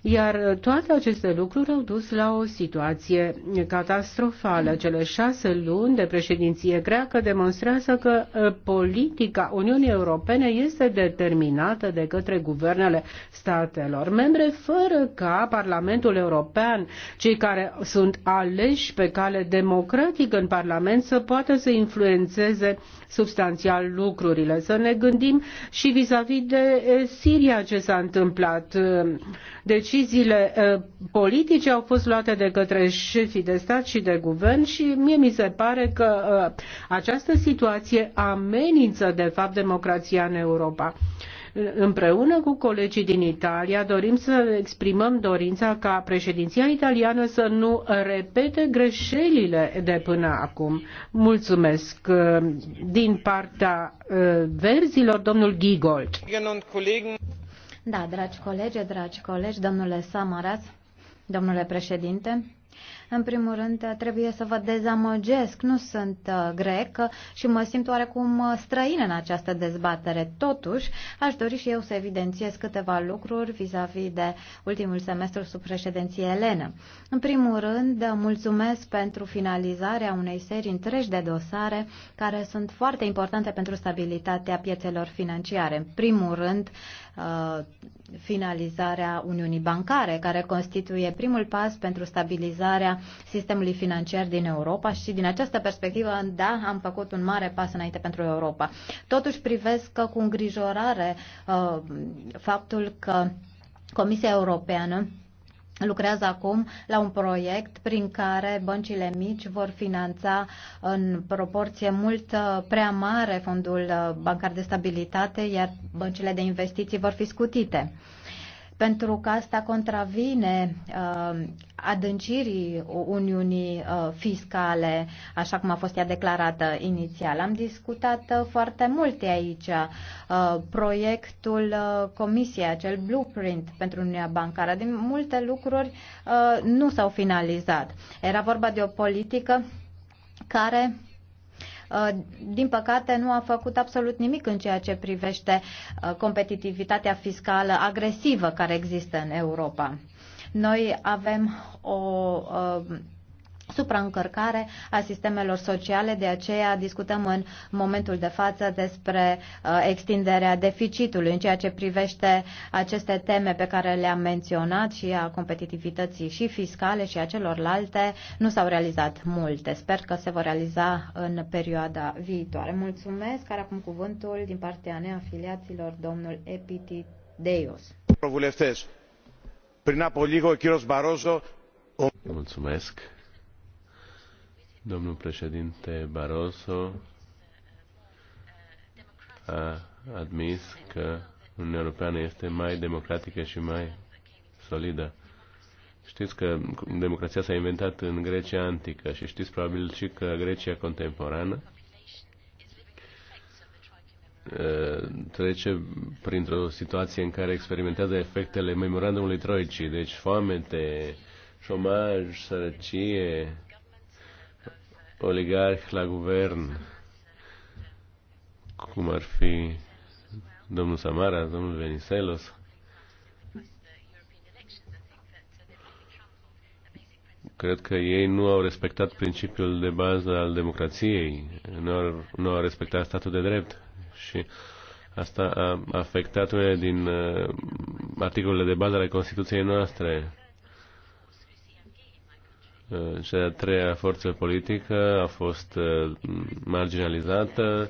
Iar toate aceste lucruri au dus la o situație catastrofală. Cele șase luni de președinție greacă demonstrează că uh, politica Uniunii Europene este determinată de către guvernele statelor membre, fără ca Parlamentul European, cei care sunt aleși pe cale democratică în Parlament, să poată să influențeze substanțial lucrurile. Să ne gândim și vis-a-vis -vis de eh, Siria ce s-a întâmplat. Eh, deciziile eh, politice au fost luate de către șefii de stat și de guvern și mie mi se pare că această situație amenință de fapt democrația în Europa. Împreună cu colegii din Italia dorim să exprimăm dorința ca președinția italiană să nu repete greșelile de până acum. Mulțumesc uh, din partea uh, verzilor, domnul Gigold.
Da, dragi colegi, dragi colegi, domnule Samaras, domnule președinte, în primul rând, trebuie să vă dezamăgesc. Nu sunt uh, grec și mă simt oarecum uh, străină în această dezbatere. Totuși, aș dori și eu să evidențiez câteva lucruri vis-a-vis -vis de ultimul semestru sub președinție Elenă. În primul rând, mulțumesc pentru finalizarea unei serii întregi de dosare care sunt foarte importante pentru stabilitatea piețelor financiare. În primul rând, uh, finalizarea Uniunii Bancare, care constituie primul pas pentru stabilizarea sistemului financiar din Europa și din această perspectivă, da, am făcut un mare pas înainte pentru Europa. Totuși privesc cu îngrijorare uh, faptul că Comisia Europeană lucrează acum la un proiect prin care băncile mici vor finanța în proporție mult uh, prea mare fondul uh, bancar de stabilitate, iar băncile de investiții vor fi scutite pentru că asta contravine uh, adâncirii Uniunii uh, Fiscale, așa cum a fost ea declarată inițial. Am discutat uh, foarte multe aici uh, proiectul uh, Comisiei, acel blueprint pentru Uniunea Bancară. Din multe lucruri uh, nu s-au finalizat. Era vorba de o politică care Uh, din păcate, nu a făcut absolut nimic în ceea ce privește uh, competitivitatea fiscală agresivă care există în Europa. Noi avem o uh, supraîncărcare a sistemelor sociale, de aceea discutăm în momentul de față despre uh, extinderea deficitului în ceea ce privește aceste teme pe care le-am menționat și a competitivității și fiscale și a celorlalte. Nu s-au realizat multe. Sper că se vor realiza în perioada viitoare. Mulțumesc. Care acum cuvântul din partea neafiliaților domnul Epitideos.
Prin Apoligo, Chiros Barozo. Mulțumesc Domnul președinte Barroso a admis că Uniunea Europeană este mai democratică și mai solidă. Știți că democrația s-a inventat în Grecia antică și știți probabil și că Grecia contemporană uh, trece printr-o situație în care experimentează efectele memorandumului Troicii, deci foamete, șomaj, sărăcie, oligarhi la guvern, cum ar fi domnul Samara, domnul Veniselos. Cred că ei nu au respectat principiul de bază al democrației, nu au, nu au respectat statul de drept și asta a afectat unele din uh, articolele de bază ale Constituției noastre cea de-a treia forță politică a fost uh, marginalizată,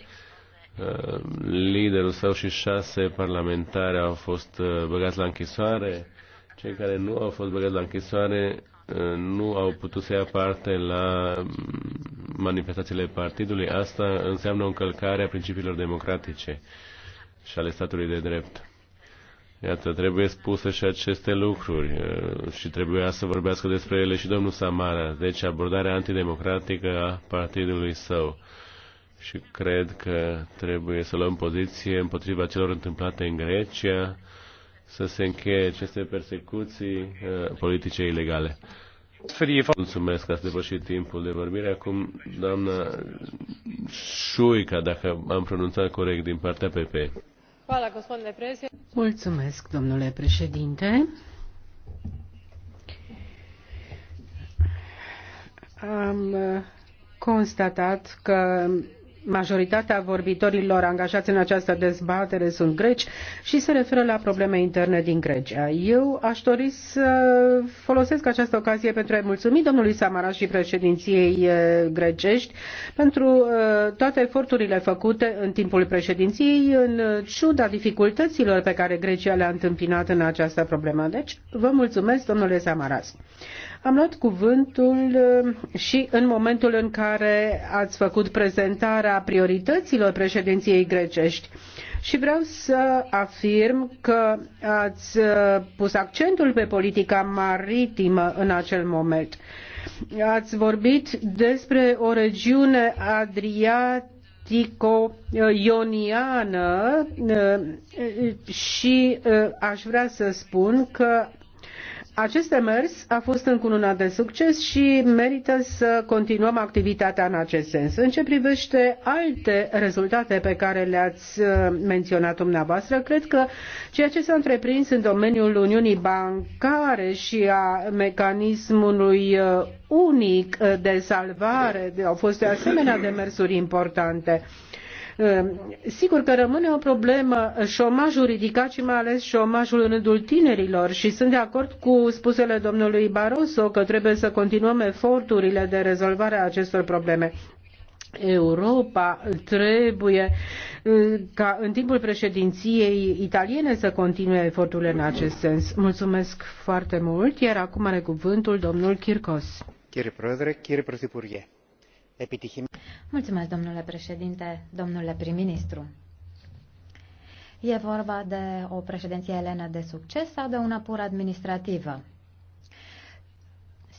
uh, liderul său și șase parlamentari au fost uh, băgați la închisoare, cei care nu au fost băgați la închisoare nu au putut să ia parte la mm, manifestațiile partidului. Asta înseamnă o încălcare a principiilor democratice și ale statului de drept. Iată, trebuie spuse și aceste lucruri și trebuia să vorbească despre ele și domnul Samara, deci abordarea antidemocratică a partidului său. Și cred că trebuie să luăm poziție împotriva celor întâmplate în Grecia, să se încheie aceste persecuții uh, politice ilegale. Mulțumesc că ați depășit timpul de vorbire. Acum, doamna Șuica, dacă am pronunțat corect din partea PP.
Mulțumesc, domnule președinte. Am constatat că majoritatea vorbitorilor angajați în această dezbatere sunt greci și se referă la probleme interne din Grecia. Eu aș dori să folosesc această ocazie pentru a-i mulțumi domnului Samaras și președinției eh, grecești pentru eh, toate eforturile făcute în timpul președinției, în ciuda dificultăților pe care Grecia le-a întâmpinat în această problemă. Deci, vă mulțumesc, domnule Samaras. Am luat cuvântul uh, și în momentul în care ați făcut prezentarea priorităților președinției grecești și vreau să afirm că ați uh, pus accentul pe politica maritimă în acel moment. Ați vorbit despre o regiune adriatică Ioniană uh, și aș vrea să spun că acest demers a fost încununat de succes și merită să continuăm activitatea în acest sens. În ce privește alte rezultate pe care le-ați uh, menționat dumneavoastră, cred că ceea ce s-a întreprins în domeniul Uniunii Bancare și a mecanismului uh, unic uh, de salvare au fost de asemenea demersuri importante. Ehm, sigur că rămâne o problemă șomajul ridicat și mai ales șomajul în rândul tinerilor și sunt de acord cu spusele domnului Barroso că trebuie să continuăm eforturile de rezolvare a acestor probleme. Europa trebuie eh, ca în timpul președinției italiene să continue eforturile în acest sens. Mulțumesc foarte mult, iar acum are cuvântul domnul Kirkos. Mulțumesc, domnule
președinte, domnule prim-ministru. E vorba de o președinție elenă de succes sau de una pur administrativă?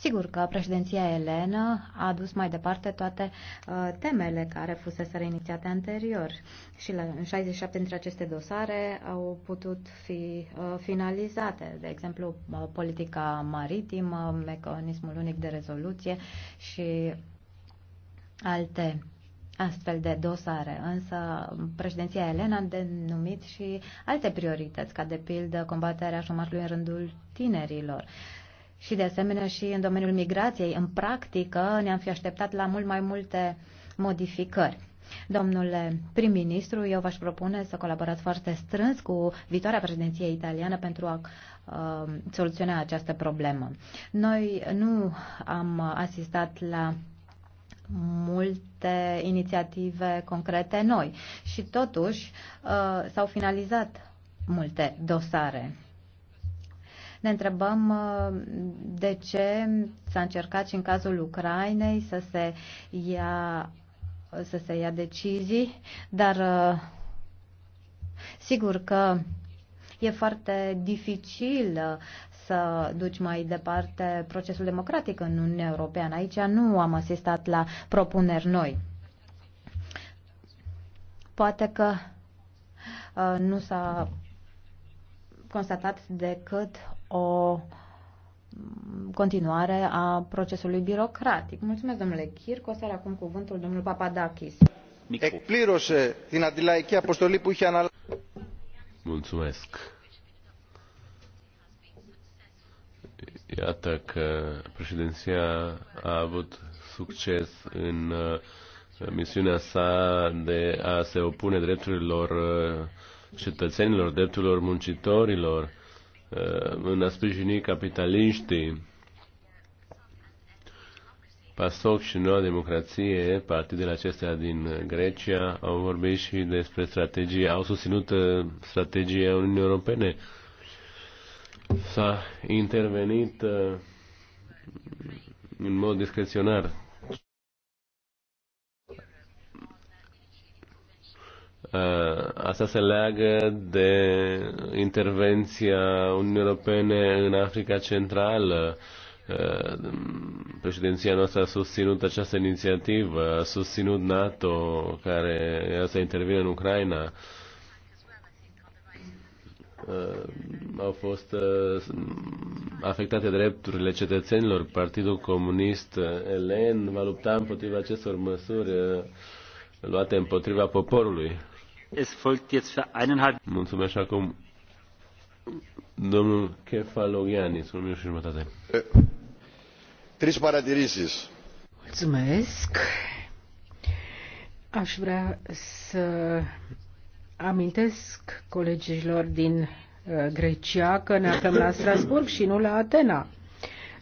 Sigur că președinția elenă a dus mai departe toate uh, temele care fusese reinițiate anterior și la 67 dintre aceste dosare au putut fi uh, finalizate, de exemplu uh, politica maritimă, mecanismul unic de rezoluție și alte astfel de dosare, însă președinția Elena a denumit și alte priorități, ca de pildă combaterea șomajului în rândul tinerilor. Și de asemenea și în domeniul migrației, în practică, ne-am fi așteptat la mult mai multe modificări. Domnule prim-ministru, eu v-aș propune să colaborați foarte strâns cu viitoarea președinție italiană pentru a uh, soluționa această problemă. Noi nu am asistat la multe inițiative concrete noi și totuși uh, s-au finalizat multe dosare. Ne întrebăm uh, de ce s-a încercat și în cazul Ucrainei să se ia, să se ia decizii, dar uh, sigur că e foarte dificil să duci mai departe procesul democratic în Uniunea Europeană. Aici nu am asistat la propuneri noi. Poate că uh, nu s-a constatat decât o continuare a procesului birocratic. Mulțumesc, domnule să Are acum cuvântul domnul Papadakis.
Mulțumesc. Iată că președinția a avut succes în uh, misiunea sa de a se opune drepturilor uh, cetățenilor, drepturilor muncitorilor, uh, în a sprijini capitaliștii. PASOC și Noua Democrație, partidele acestea din Grecia, au vorbit și despre strategie, au susținut strategia Uniunii Europene S-a intervenit uh, în mod discreționar. Uh, asta se leagă de intervenția Uniunii Europene în Africa Centrală. Uh, președinția noastră a susținut această inițiativă, a susținut NATO care să intervine în Ucraina Uh, au fost uh, afectate drepturile cetățenilor. Partidul Comunist uh, Elen va lupta împotriva acestor măsuri luate împotriva poporului. Mulțumesc acum domnul Kefalogiani, sunt minut și jumătate. Tris
Mulțumesc. Aș vrea să amintesc colegilor din uh, Grecia că ne aflăm la Strasburg și nu la Atena.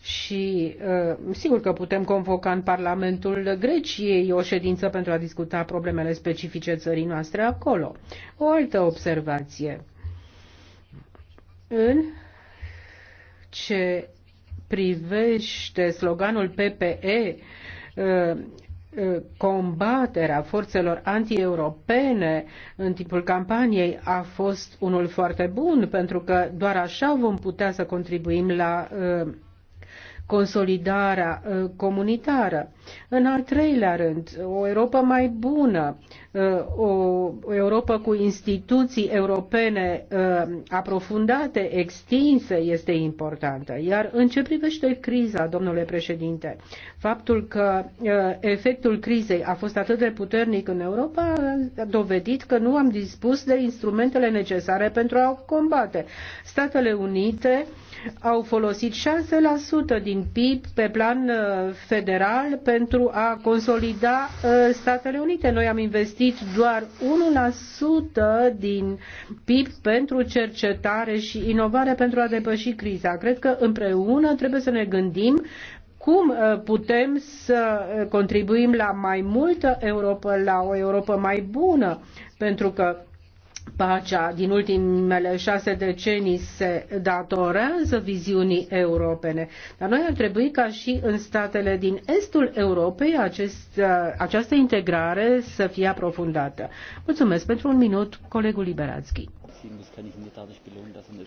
Și uh, sigur că putem convoca în Parlamentul Greciei o ședință pentru a discuta problemele specifice țării noastre acolo. O altă observație. În ce privește sloganul PPE, uh, Uh, combaterea forțelor antieuropene în timpul campaniei a fost unul foarte bun, pentru că doar așa vom putea să contribuim la uh, consolidarea uh, comunitară. În al treilea rând, o Europa mai bună, uh, o Europa cu instituții europene uh, aprofundate, extinse, este importantă. Iar în ce privește criza, domnule președinte, faptul că uh, efectul crizei a fost atât de puternic în Europa a dovedit că nu am dispus de instrumentele necesare pentru a o combate. Statele Unite au folosit 6% din PIB pe plan federal pe pentru a consolida uh, Statele Unite. Noi am investit doar 1% din PIB pentru cercetare și inovare pentru a depăși criza. Cred că împreună trebuie să ne gândim cum uh, putem să uh, contribuim la mai multă Europa, la o Europa mai bună, pentru că Pacea din ultimele șase decenii se datorează viziunii europene, dar noi ar trebui ca și în statele din estul Europei acest, uh, această integrare să fie aprofundată. Mulțumesc pentru un minut, colegul Liberațchi.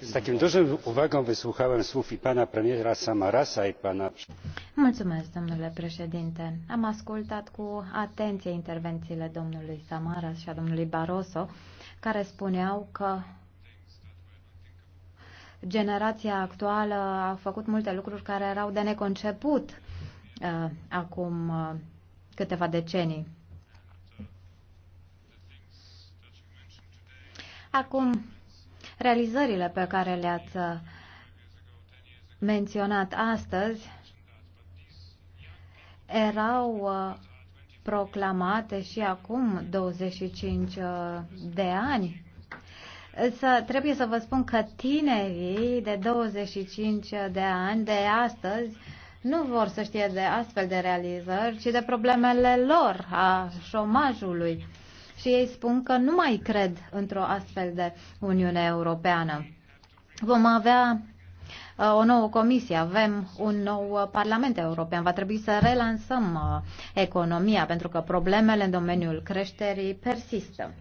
Z takim dużym uwagą wysłuchałem słów i pana premiera Samarasa i pana...
Mulțumesc, domnule președinte. Am ascultat cu atenție intervențiile domnului Samaras și a domnului Barroso care spuneau că generația actuală a făcut multe lucruri care erau de neconceput uh, acum uh, câteva decenii. Acum, realizările pe care le-ați uh, menționat astăzi erau uh, proclamate și acum 25 uh, de ani. Să, trebuie să vă spun că tinerii de 25 de ani de astăzi nu vor să știe de astfel de realizări, ci de problemele lor, a șomajului. Și ei spun că nu mai cred într-o astfel de Uniune Europeană. Vom avea Uh, o nouă comisie, avem un nou uh, Parlament European. Va trebui să relansăm uh, economia pentru că problemele în domeniul creșterii persistă.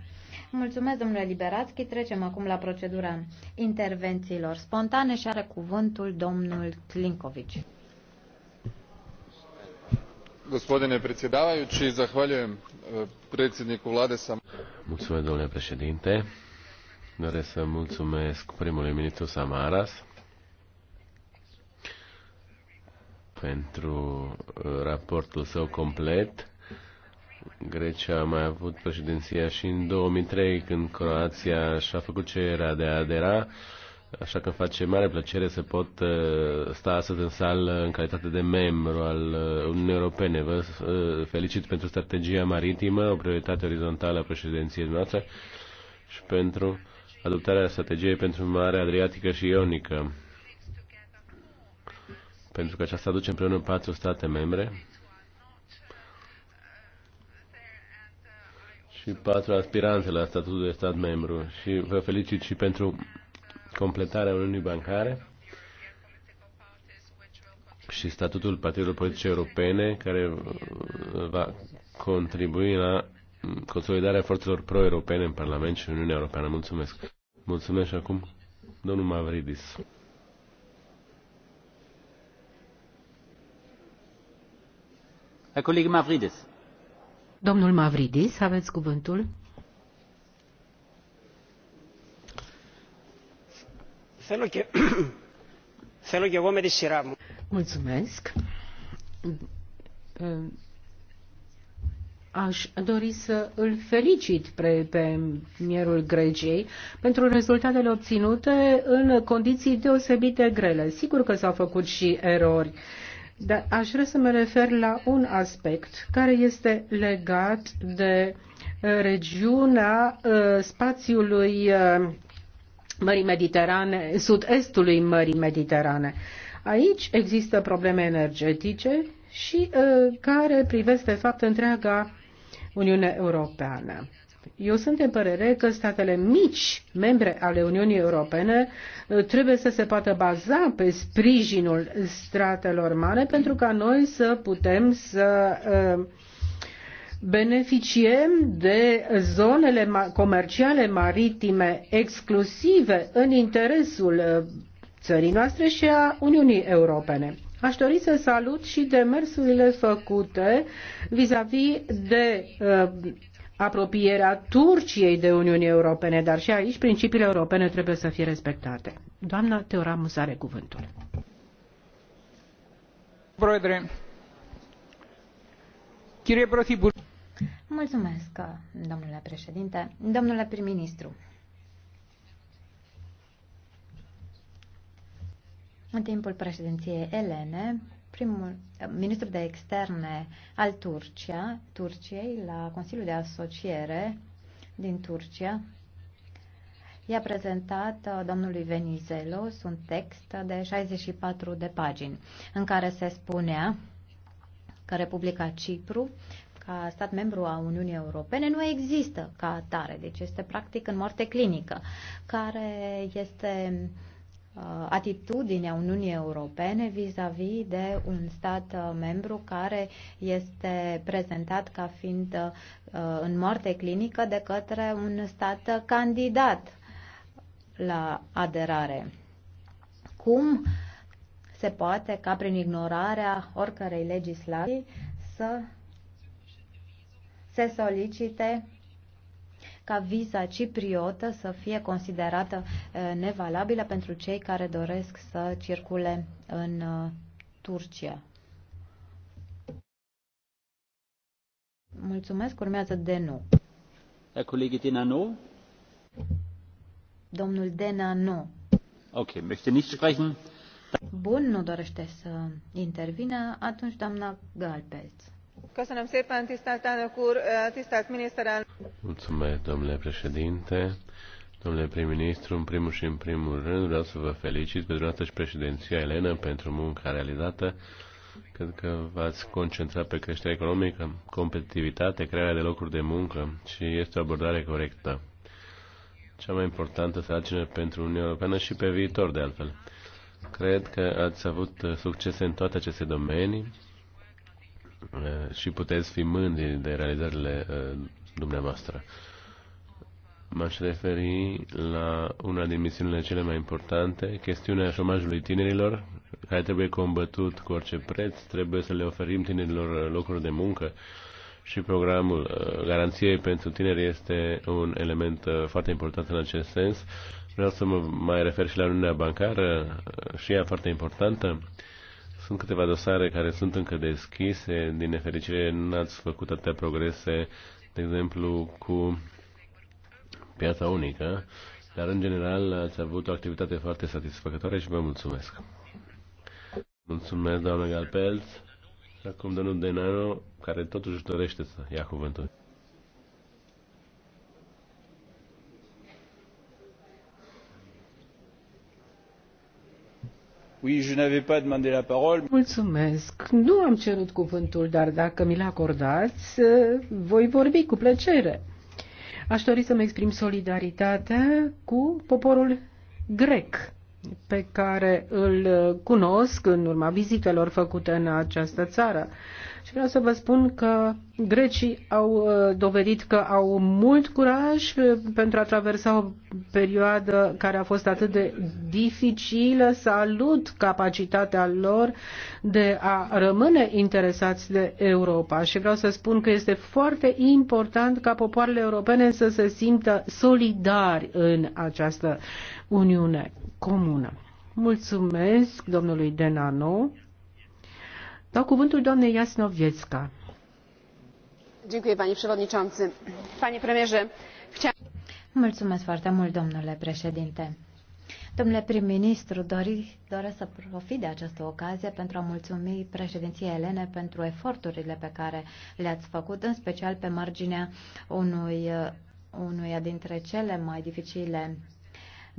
Mulțumesc, domnule Liberațchi. Trecem acum la procedura intervențiilor spontane și are cuvântul domnul Klinkovici.
Gospodine predsjedavajući, zahvaljujem predsjedniku vlade sam...
Mulțumesc, domnule președinte. Doresc să mulțumesc primului ministru Samaras pentru uh, raportul său complet. Grecia a mai avut președinția și în 2003, când Croația și-a făcut ce era de a adera, așa că face mare plăcere să pot uh, sta astăzi în sală în calitate de membru al uh, Uniunii Europene. Vă felicit pentru strategia maritimă, o prioritate orizontală a președinției noastre și pentru adoptarea strategiei pentru Marea Adriatică și Ionică pentru că aceasta aduce împreună patru state membre și patru aspiranțe la statutul de stat membru. Și vă felicit și pentru completarea Uniunii Bancare și statutul partidelor politice europene care va contribui la consolidarea forțelor pro-europene în Parlament și Uniunea Europeană. Mulțumesc! Mulțumesc și acum domnul Mavridis. Mavridis.
Domnule Mavrides, aveți cuvântul. <coughs> Mulțumesc. Aș dori să îl felicit pe premierul Greciei pentru rezultatele obținute în condiții deosebite grele. Sigur că s-au făcut și erori dar aș vrea să mă refer la un aspect care este legat de uh, regiunea uh, spațiului uh, Mării Mediterane, sud-estului Mării Mediterane. Aici există probleme energetice și care privesc de fapt întreaga Uniune Europeană. Eu sunt de părere că statele mici, membre ale Uniunii Europene, uh, trebuie să se poată baza pe sprijinul stratelor mari pentru ca noi să putem să uh, beneficiem de zonele comerciale maritime exclusive în interesul uh, țării noastre și a Uniunii Europene. Aș dori să salut și demersurile făcute vis-a-vis -vis de uh, apropierea Turciei de Uniunii Europene, dar și aici principiile europene trebuie să fie respectate. Doamna Teora are cuvântul.
Mulțumesc, domnule președinte, domnule prim-ministru. În timpul președinției Elene, primul ministru de externe al Turcia, Turciei la Consiliul de Asociere din Turcia. I-a prezentat uh, domnului Venizelos un text de 64 de pagini în care se spunea că Republica Cipru, ca stat membru a Uniunii Europene, nu există ca atare, deci este practic în moarte clinică, care este Uh, atitudinea Uniunii Europene vis-a-vis -vis de un stat uh, membru care este prezentat ca fiind uh, în moarte clinică de către un stat candidat la aderare. Cum se poate ca prin ignorarea oricărei legislații să se solicite ca viza cipriotă să fie considerată nevalabilă pentru cei care doresc să circule în Turcia. Mulțumesc. Urmează nu.
Colegii nu?
Domnul nu.
Ok, möchte nicht sprechen.
Bun, nu dorește să intervină, atunci doamna Galpelț.
Mulțumesc, domnule președinte, domnule prim-ministru, în primul și în primul rând vreau să vă felicit pentru dumneavoastră și președinția Elena pentru munca realizată. Cred că v-ați concentrat pe creșterea economică, competitivitate, crearea de locuri de muncă și este o abordare corectă. Cea mai importantă sarcină pentru Uniunea Europeană și pe viitor, de altfel. Cred că ați avut succese în toate aceste domenii Eh, și puteți fi mândri de realizările eh, dumneavoastră. M-aș referi la una din misiunile cele mai importante, chestiunea șomajului tinerilor, care trebuie combătut cu orice preț, trebuie să le oferim tinerilor eh, locuri de muncă și programul Garanției pentru Tineri este un element foarte important în acest sens. Vreau să mă mai refer și la Uniunea Bancară, și ea foarte importantă. Sunt câteva dosare care sunt încă deschise. Din nefericire, n-ați făcut atâtea progrese, de exemplu, cu piața unică, dar în general ați avut o activitate foarte satisfăcătoare și vă mulțumesc. Mulțumesc, doamnă Galpelț. Acum domnul Denano, care totuși dorește să ia cuvântul. Oui, je n'avais pas demandé la parole.
Mulțumesc. Nu am cerut cuvântul, dar dacă mi-l acordați, voi vorbi cu plăcere. Aș dori să-mi exprim solidaritatea cu poporul grec pe care îl cunosc în urma vizitelor făcute în această țară. Și vreau să vă spun că grecii au uh, dovedit că au mult curaj uh, pentru a traversa o perioadă care a fost atât de dificilă. Salut capacitatea lor de a rămâne interesați de Europa. Și vreau să spun că este foarte important ca popoarele europene să se simtă solidari în această Uniune comună. Mulțumesc domnului Denano. Dau cuvântul doamnei Jasnowiecka. Dziękuję, panie przewodniczący. Panie premierze, chciałam... Mulțumesc
foarte mult, domnule președinte. Domnule prim-ministru, doresc să profit de această ocazie pentru a mulțumi președinției Elene pentru eforturile pe care le-ați făcut, în special pe marginea unui, unuia dintre cele mai dificile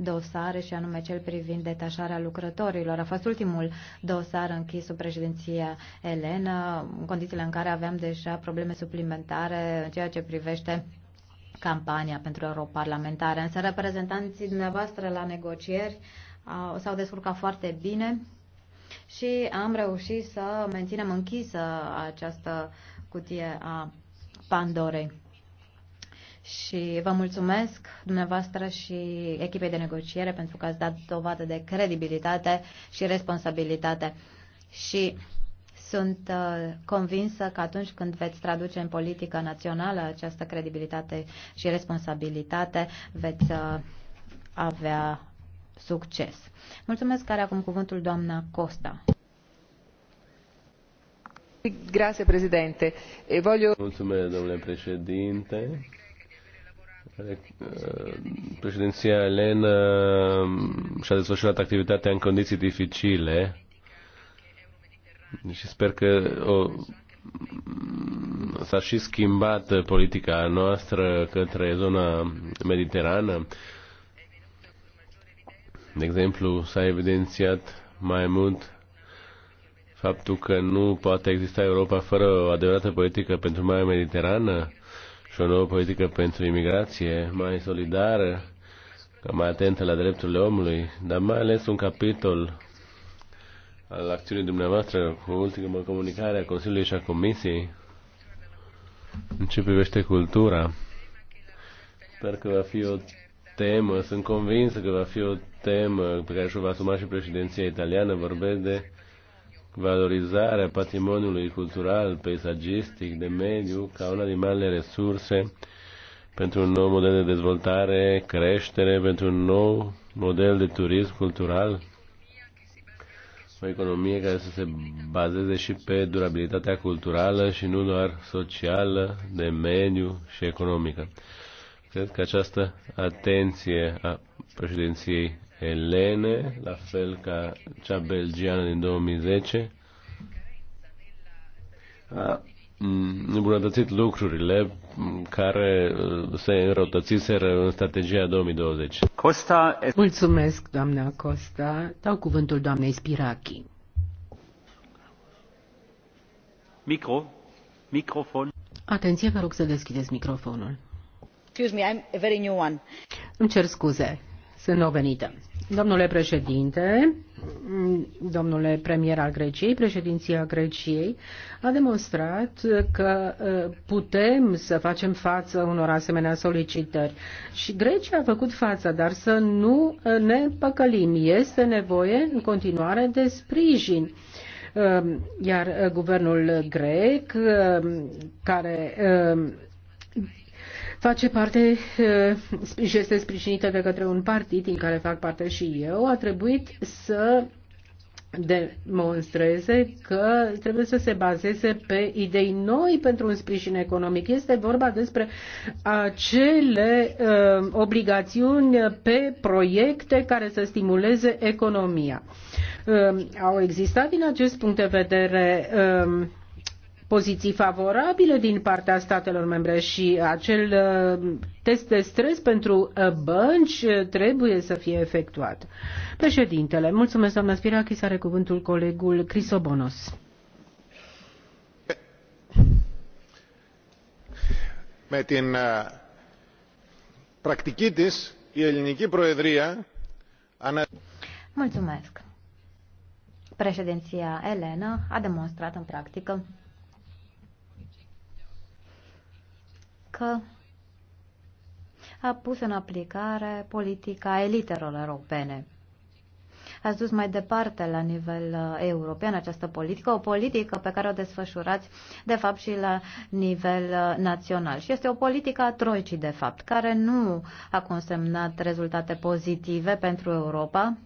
dosare și anume cel privind detașarea lucrătorilor. A fost ultimul dosar închis sub președinția Elena, în condițiile în care aveam deja probleme suplimentare în ceea ce privește campania pentru europarlamentare. Însă reprezentanții dumneavoastră la negocieri s-au descurcat foarte bine și am reușit să menținem închisă această cutie a Pandorei și vă mulțumesc dumneavoastră și echipei de negociere pentru că ați dat dovadă de credibilitate și responsabilitate. Și sunt uh, convinsă că atunci când veți traduce în politică națională această credibilitate și responsabilitate, veți uh, avea succes. Mulțumesc care acum cuvântul doamna Costa. Grazie, Presidente. E voglio...
Mulțumesc, domnule președinte. Președinția elenă uh, și-a desfășurat activitatea în condiții dificile și sper că o, s-a și schimbat politica noastră către zona mediterană. De exemplu, s-a evidențiat mai mult faptul că nu poate exista Europa fără o adevărată politică pentru Marea Mediterană și o nouă politică pentru imigrație mai solidară, mai atentă la drepturile omului, dar mai ales un capitol al acțiunii dumneavoastră cu ultima comunicare a Consiliului și a Comisiei în ce privește cultura. Sper că va fi o temă, sunt convins că va fi o temă pe care și-o va asuma și președinția italiană, vorbesc de valorizarea patrimoniului cultural, peisagistic, de mediu, ca una din marile resurse pentru un nou model de dezvoltare, creștere, pentru un nou model de turism cultural, o economie care să se bazeze și pe durabilitatea culturală și nu doar socială, de mediu și economică. Cred că această atenție a președinției elene, la fel ca cea belgiană din 2010, a îmbunătățit lucrurile care uh, se înrăutățiseră în strategia 2020. Costa...
Mulțumesc, doamna Costa. Dau cuvântul doamnei Spirachi.
Micro. Microfon.
Atenție, vă rog să deschideți microfonul.
Excuse me, I'm a very new one.
Îmi cer scuze înnovenită. Domnule președinte, domnule premier al Greciei, președinția Greciei a demonstrat că uh, putem să facem față unor asemenea solicitări. Și Grecia a făcut față, dar să nu uh, ne păcălim. Este nevoie în continuare de sprijin uh, iar guvernul grec, care face parte și eh, este sprijinită de către un partid din care fac parte și eu, a trebuit să demonstreze că trebuie să se bazeze pe idei noi pentru un sprijin economic. Este vorba despre acele uh, obligațiuni pe proiecte care să stimuleze economia. Uh, au existat din acest punct de vedere uh, poziții favorabile din partea statelor membre și acel uh, test de stres pentru uh, bănci uh, trebuie să fie efectuat. Președintele, mulțumesc doamna Spirachis, are cuvântul colegul Crisobonos.
Με την πρακτική της, η ελληνική προεδρία
Mulțumesc. Președinția Elena a demonstrat în practică că a pus în aplicare politica elitelor europene. Ați dus mai departe la nivel uh, european această politică, o politică pe care o desfășurați, de fapt, și la nivel uh, național. Și este o politică a troicii, de fapt, care nu a consemnat rezultate pozitive pentru Europa,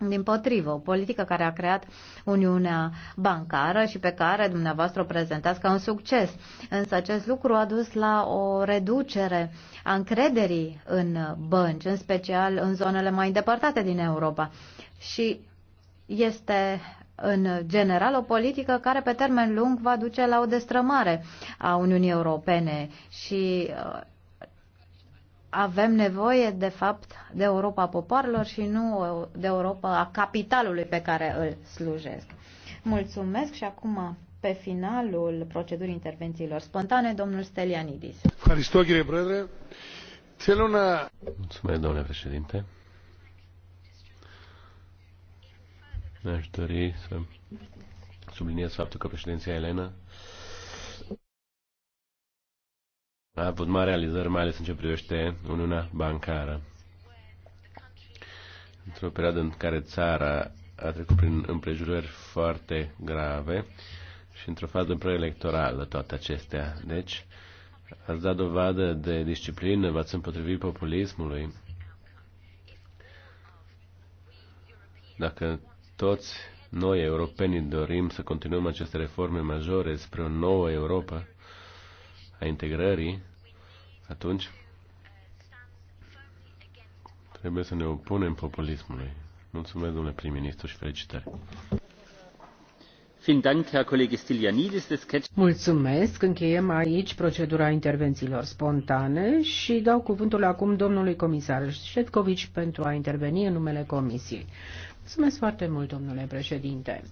din potrivă, o politică care a creat Uniunea Bancară și pe care dumneavoastră o prezentați ca un succes. Însă acest lucru a dus la o reducere a încrederii în bănci, în special în zonele mai îndepărtate din Europa. Și este în general o politică care pe termen lung va duce la o destrămare a Uniunii Europene și uh, avem nevoie, de fapt, de Europa popoarelor și nu de Europa a capitalului pe care îl slujesc. Mulțumesc și acum pe finalul procedurii intervențiilor spontane, domnul Stelianidis.
Mulțumesc, domnule președinte. Mi-aș dori să subliniez faptul că președinția Elena a avut mari realizări, mai ales în ce privește Uniunea Bancară. Într-o perioadă în care țara a trecut prin împrejurări foarte grave și într-o fază preelectorală toate acestea. Deci, ați dat dovadă de disciplină, v-ați împotrivit populismului. Dacă toți noi, europenii, dorim să continuăm aceste reforme majore spre o nouă Europa a integrării, atunci, trebuie să ne opunem populismului. Mulțumesc, domnule prim-ministru, și felicitări.
Mulțumesc. Încheiem aici procedura intervențiilor spontane și dau cuvântul acum domnului comisar Șetcovici pentru a interveni în numele Comisiei. Mulțumesc foarte mult, domnule președinte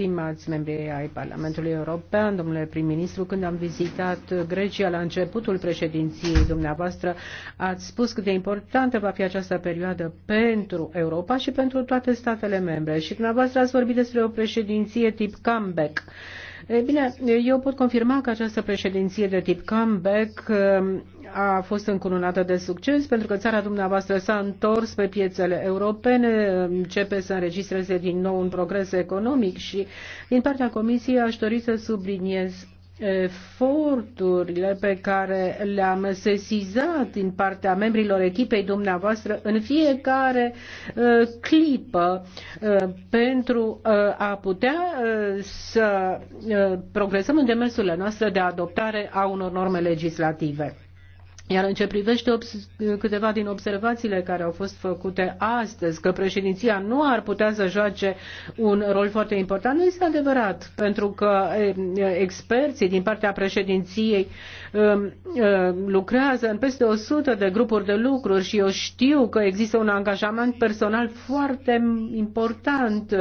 stimați membrii ai Parlamentului European, domnule prim-ministru, când am vizitat Grecia la începutul președinției dumneavoastră, ați spus cât de importantă va fi această perioadă pentru Europa și pentru toate statele membre. Și dumneavoastră ați vorbit despre o președinție tip comeback. E bine, eu pot confirma că această președinție de tip comeback um, a fost încununată de succes pentru că țara dumneavoastră s-a întors pe piețele europene, începe să înregistreze din nou un progres economic și din partea Comisiei aș dori să subliniez eforturile pe care le-am sesizat din partea membrilor echipei dumneavoastră în fiecare uh, clipă uh, pentru uh, a putea să progresăm în demersurile noastre de adoptare a unor norme legislative. Iar în ce privește câteva din observațiile care au fost făcute astăzi, că președinția nu ar putea să joace un rol foarte important, nu este adevărat, pentru că experții din partea președinției lucrează în peste 100 de grupuri de lucruri și eu știu că există un angajament personal foarte important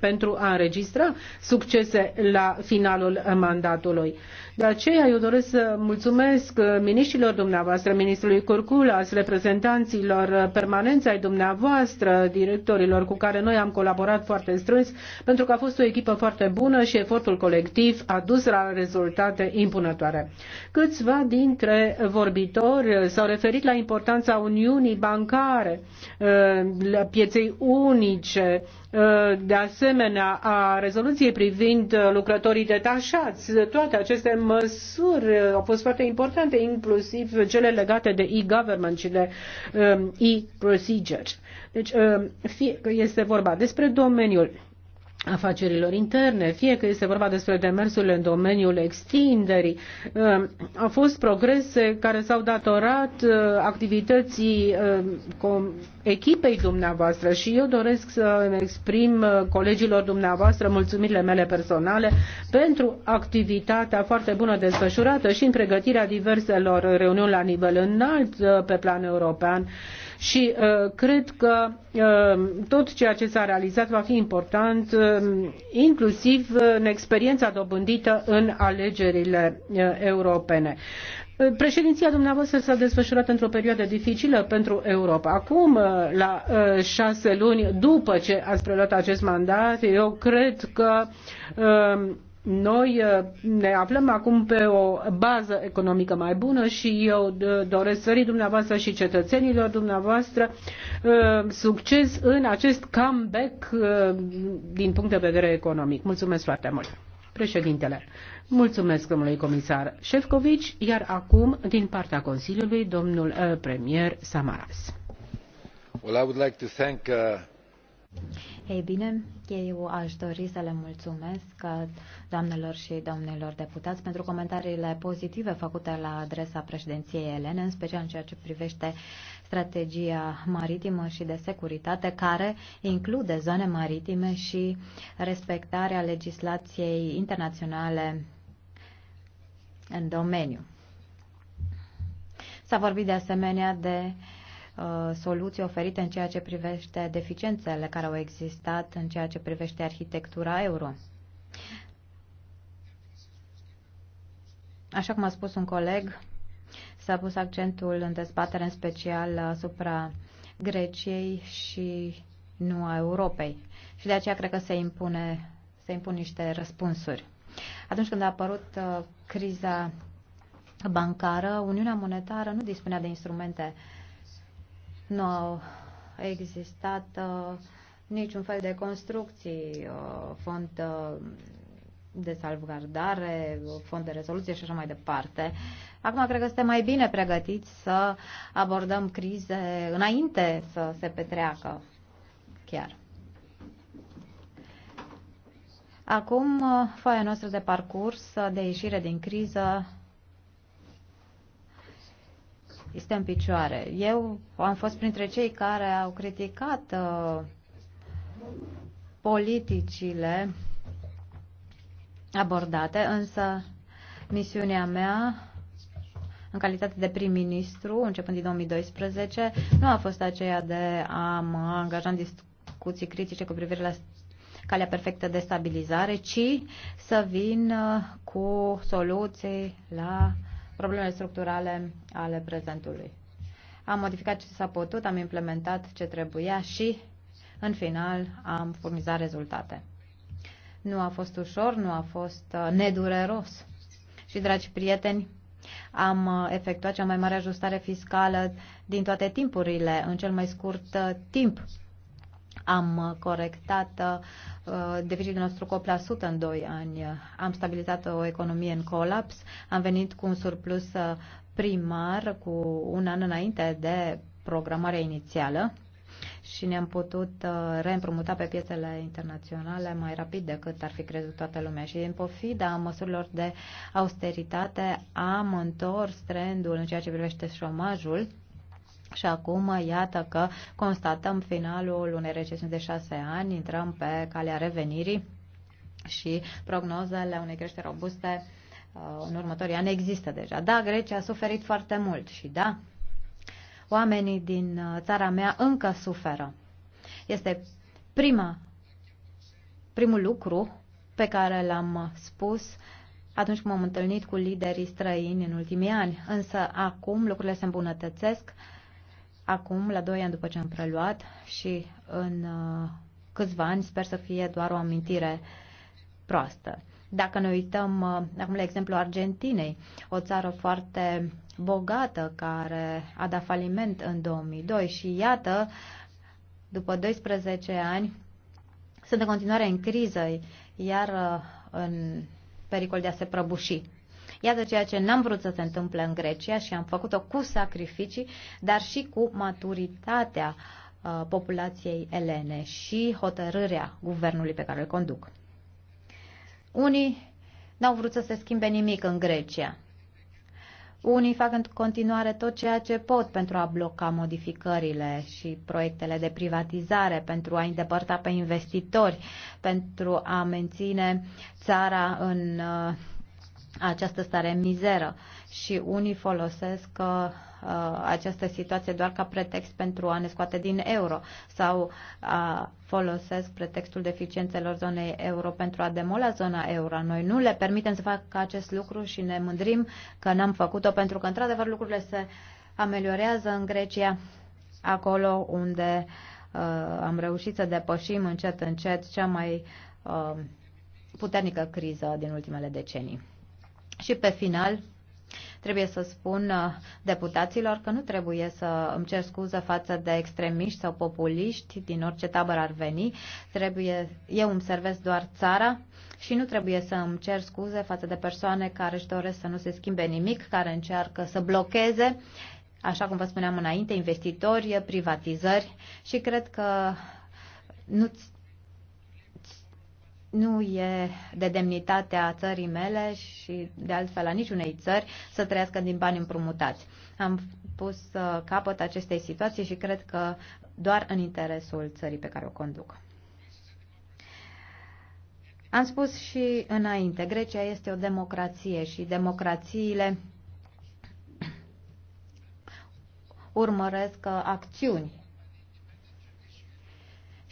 pentru a înregistra succese la finalul mandatului. De aceea eu doresc să mulțumesc uh, miniștilor dumneavoastră, ministrului Curculas, reprezentanților uh, permanenți ai dumneavoastră, directorilor cu care noi am colaborat foarte strâns, pentru că a fost o echipă foarte bună și efortul colectiv a dus la rezultate impunătoare. Câțiva dintre vorbitori uh, s-au referit la importanța Uniunii Bancare, la pieței unice, de asemenea a rezoluției privind lucrătorii detașați. Toate aceste măsuri au fost foarte importante, inclusiv cele legate de e-government și de um, e-procedure. Deci, um, fie că este vorba despre domeniul afacerilor interne, fie că este vorba despre demersurile în domeniul extinderii. Ehm, au fost progrese care s-au datorat eh, activității ehm, echipei dumneavoastră și eu doresc să îmi exprim eh, colegilor dumneavoastră mulțumirile mele personale pentru activitatea foarte bună desfășurată și în pregătirea diverselor reuniuni la nivel înalt eh, pe plan european și uh, cred că uh, tot ceea ce s-a realizat va fi important, uh, inclusiv în experiența dobândită în alegerile europene. Președinția dumneavoastră s-a desfășurat într-o perioadă dificilă pentru Europa. Acum, la șase luni după ce ați preluat acest mandat, eu cred că noi uh, ne aflăm acum pe o bază economică mai bună și eu uh, doresc sării dumneavoastră și cetățenilor dumneavoastră uh, succes în acest comeback din punct de vedere economic. Mulțumesc foarte mult. Președintele, mulțumesc domnului comisar Șefcovici, iar acum din partea Consiliului domnul premier Samaras. Well, I would like to thank, uh... Ei bine,
eu aș dori să le mulțumesc că doamnelor și domnilor deputați, pentru comentariile pozitive făcute la adresa președinției elene, în special în ceea ce privește strategia maritimă și de securitate, care include zone maritime și respectarea legislației internaționale în domeniu. S-a vorbit de asemenea de uh, soluții oferite în ceea ce privește deficiențele care au existat în ceea ce privește arhitectura euro. Așa cum a spus un coleg, s-a pus accentul în dezbatere în special asupra Greciei și nu a Europei. Și de aceea cred că se impune se impun niște răspunsuri. Atunci când a apărut uh, criza bancară, Uniunea Monetară nu dispunea de instrumente. Nu au existat uh, niciun fel de construcții, uh, fond uh, de salvgardare, fond de rezoluție și așa mai departe. Acum cred că suntem mai bine pregătiți să abordăm crize înainte să se petreacă chiar. Acum, foaia noastră de parcurs, de ieșire din criză, este în picioare. Eu am fost printre cei care au criticat uh, politicile abordate, însă misiunea mea în calitate de prim-ministru, începând din 2012, nu a fost aceea de a mă angaja în discuții critice cu privire la calea perfectă de stabilizare, ci să vin uh, cu soluții la problemele structurale ale prezentului. Am modificat ce s-a putut, am implementat ce trebuia și, în final, am furnizat rezultate. Nu a fost ușor, nu a fost uh, nedureros. Și, dragi prieteni, am uh, efectuat cea mai mare ajustare fiscală din toate timpurile, în cel mai scurt uh, timp. Am corectat deficitul nostru cu 8% în 2 ani. Am stabilizat o economie în colaps. Am venit cu un surplus primar cu un an înainte de programarea inițială și ne-am putut uh, reîmprumuta pe piețele internaționale mai rapid decât ar fi crezut toată lumea. Și în pofida măsurilor de austeritate am întors trendul în ceea ce privește șomajul și acum, iată că constatăm finalul unei recesiuni de șase ani, intrăm pe calea revenirii și prognozele unei creșteri robuste uh, în următorii ani există deja. Da, Grecia a suferit foarte mult și da, Oamenii din uh, țara mea încă suferă. Este prima, primul lucru pe care l-am spus atunci când m-am întâlnit cu liderii străini în ultimii ani. Însă acum lucrurile se îmbunătățesc. Acum, la doi ani după ce am preluat și în uh, câțiva ani, sper să fie doar o amintire proastă. Dacă ne uităm uh, acum la exemplu Argentinei, o țară foarte bogată care a dat faliment în 2002 și iată, după 12 ani, sunt în continuare în criză, iar uh, în pericol de a se prăbuși. Iată ceea ce n-am vrut să se întâmple în Grecia și am făcut-o cu sacrificii, dar și cu maturitatea uh, populației elene și hotărârea guvernului pe care îl conduc. Unii n-au vrut să se schimbe nimic în Grecia. Unii fac în continuare tot ceea ce pot pentru a bloca modificările și proiectele de privatizare, pentru a îndepărta pe investitori, pentru a menține țara în uh, această stare mizeră și unii folosesc uh, uh, această situație doar ca pretext pentru a ne scoate din euro sau uh, folosesc pretextul deficiențelor zonei euro pentru a demola zona euro. Noi nu le permitem să facă acest lucru și ne mândrim că n-am făcut-o pentru că, într-adevăr, lucrurile se ameliorează în Grecia, acolo unde uh, am reușit să depășim încet, încet cea mai uh, puternică criză din ultimele decenii. Și pe final, trebuie să spun uh, deputaților că nu trebuie să îmi cer scuză față de extremiști sau populiști din orice tabără ar veni. Trebuie, eu îmi servesc doar țara și nu trebuie să îmi cer scuze față de persoane care își doresc să nu se schimbe nimic, care încearcă să blocheze, așa cum vă spuneam înainte, investitori, privatizări și cred că nu nu e de demnitatea țării mele și de altfel a niciunei țări să trăiască din bani împrumutați. Am pus uh, capăt acestei situații și cred că doar în interesul țării pe care o conduc. Am spus și înainte, Grecia este o democrație și democrațiile urmăresc uh, acțiuni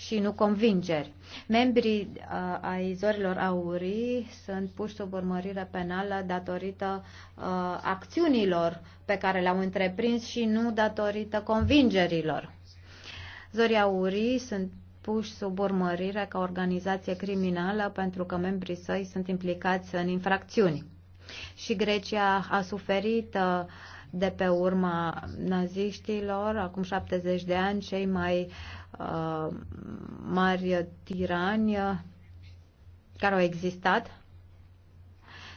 și nu convingeri. Membrii uh, ai zorilor aurii sunt puși sub urmărire penală datorită uh, acțiunilor pe care le-au întreprins și nu datorită convingerilor. Zorii aurii sunt puși sub urmărire ca organizație criminală pentru că membrii săi sunt implicați în infracțiuni. Și Grecia a suferit uh, de pe urma naziștilor, acum 70 de ani, cei mai Uh, mari tirani care au existat.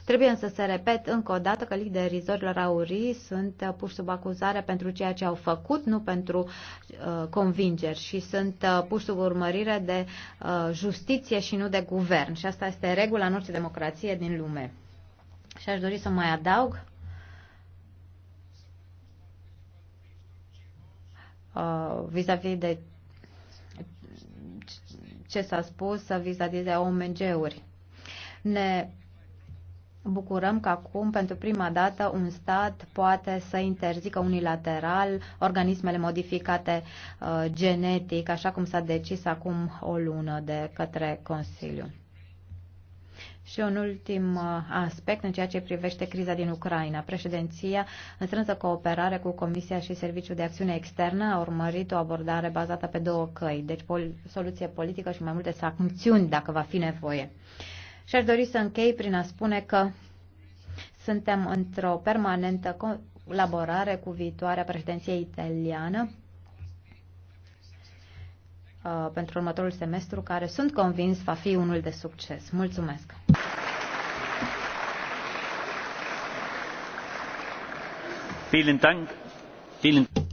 Trebuie însă să repet încă o dată că liderii zorilor aurii sunt puși sub acuzare pentru ceea ce au făcut, nu pentru uh, convingeri și sunt uh, puși sub urmărire de uh, justiție și nu de guvern. Și asta este regula în orice democrație din lume. Și aș dori să mai adaug uh, vis-a-vis uh, -vis de ce s-a spus vis-a-vis -vis de OMG-uri. Ne bucurăm că acum, pentru prima dată, un stat poate să interzică unilateral organismele modificate uh, genetic, așa cum s-a decis acum o lună de către Consiliu. Și un ultim uh, aspect în ceea ce privește criza din Ucraina. Președinția, în strânsă cooperare cu Comisia și Serviciul de Acțiune Externă, a urmărit o abordare bazată pe două căi, deci pol- soluție politică și mai multe sancțiuni dacă va fi nevoie. Și aș dori să închei prin a spune că suntem într-o permanentă colaborare cu viitoarea președinție italiană Uh, pentru următorul semestru, care sunt convins va fi unul de succes. Mulțumesc!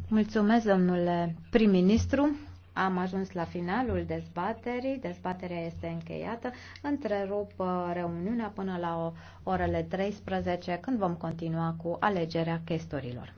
Mulțumesc, domnule prim-ministru. Am ajuns la finalul dezbaterii. Dezbaterea este încheiată. Întrerup uh, reuniunea până la orele 13, când vom continua cu alegerea chestorilor.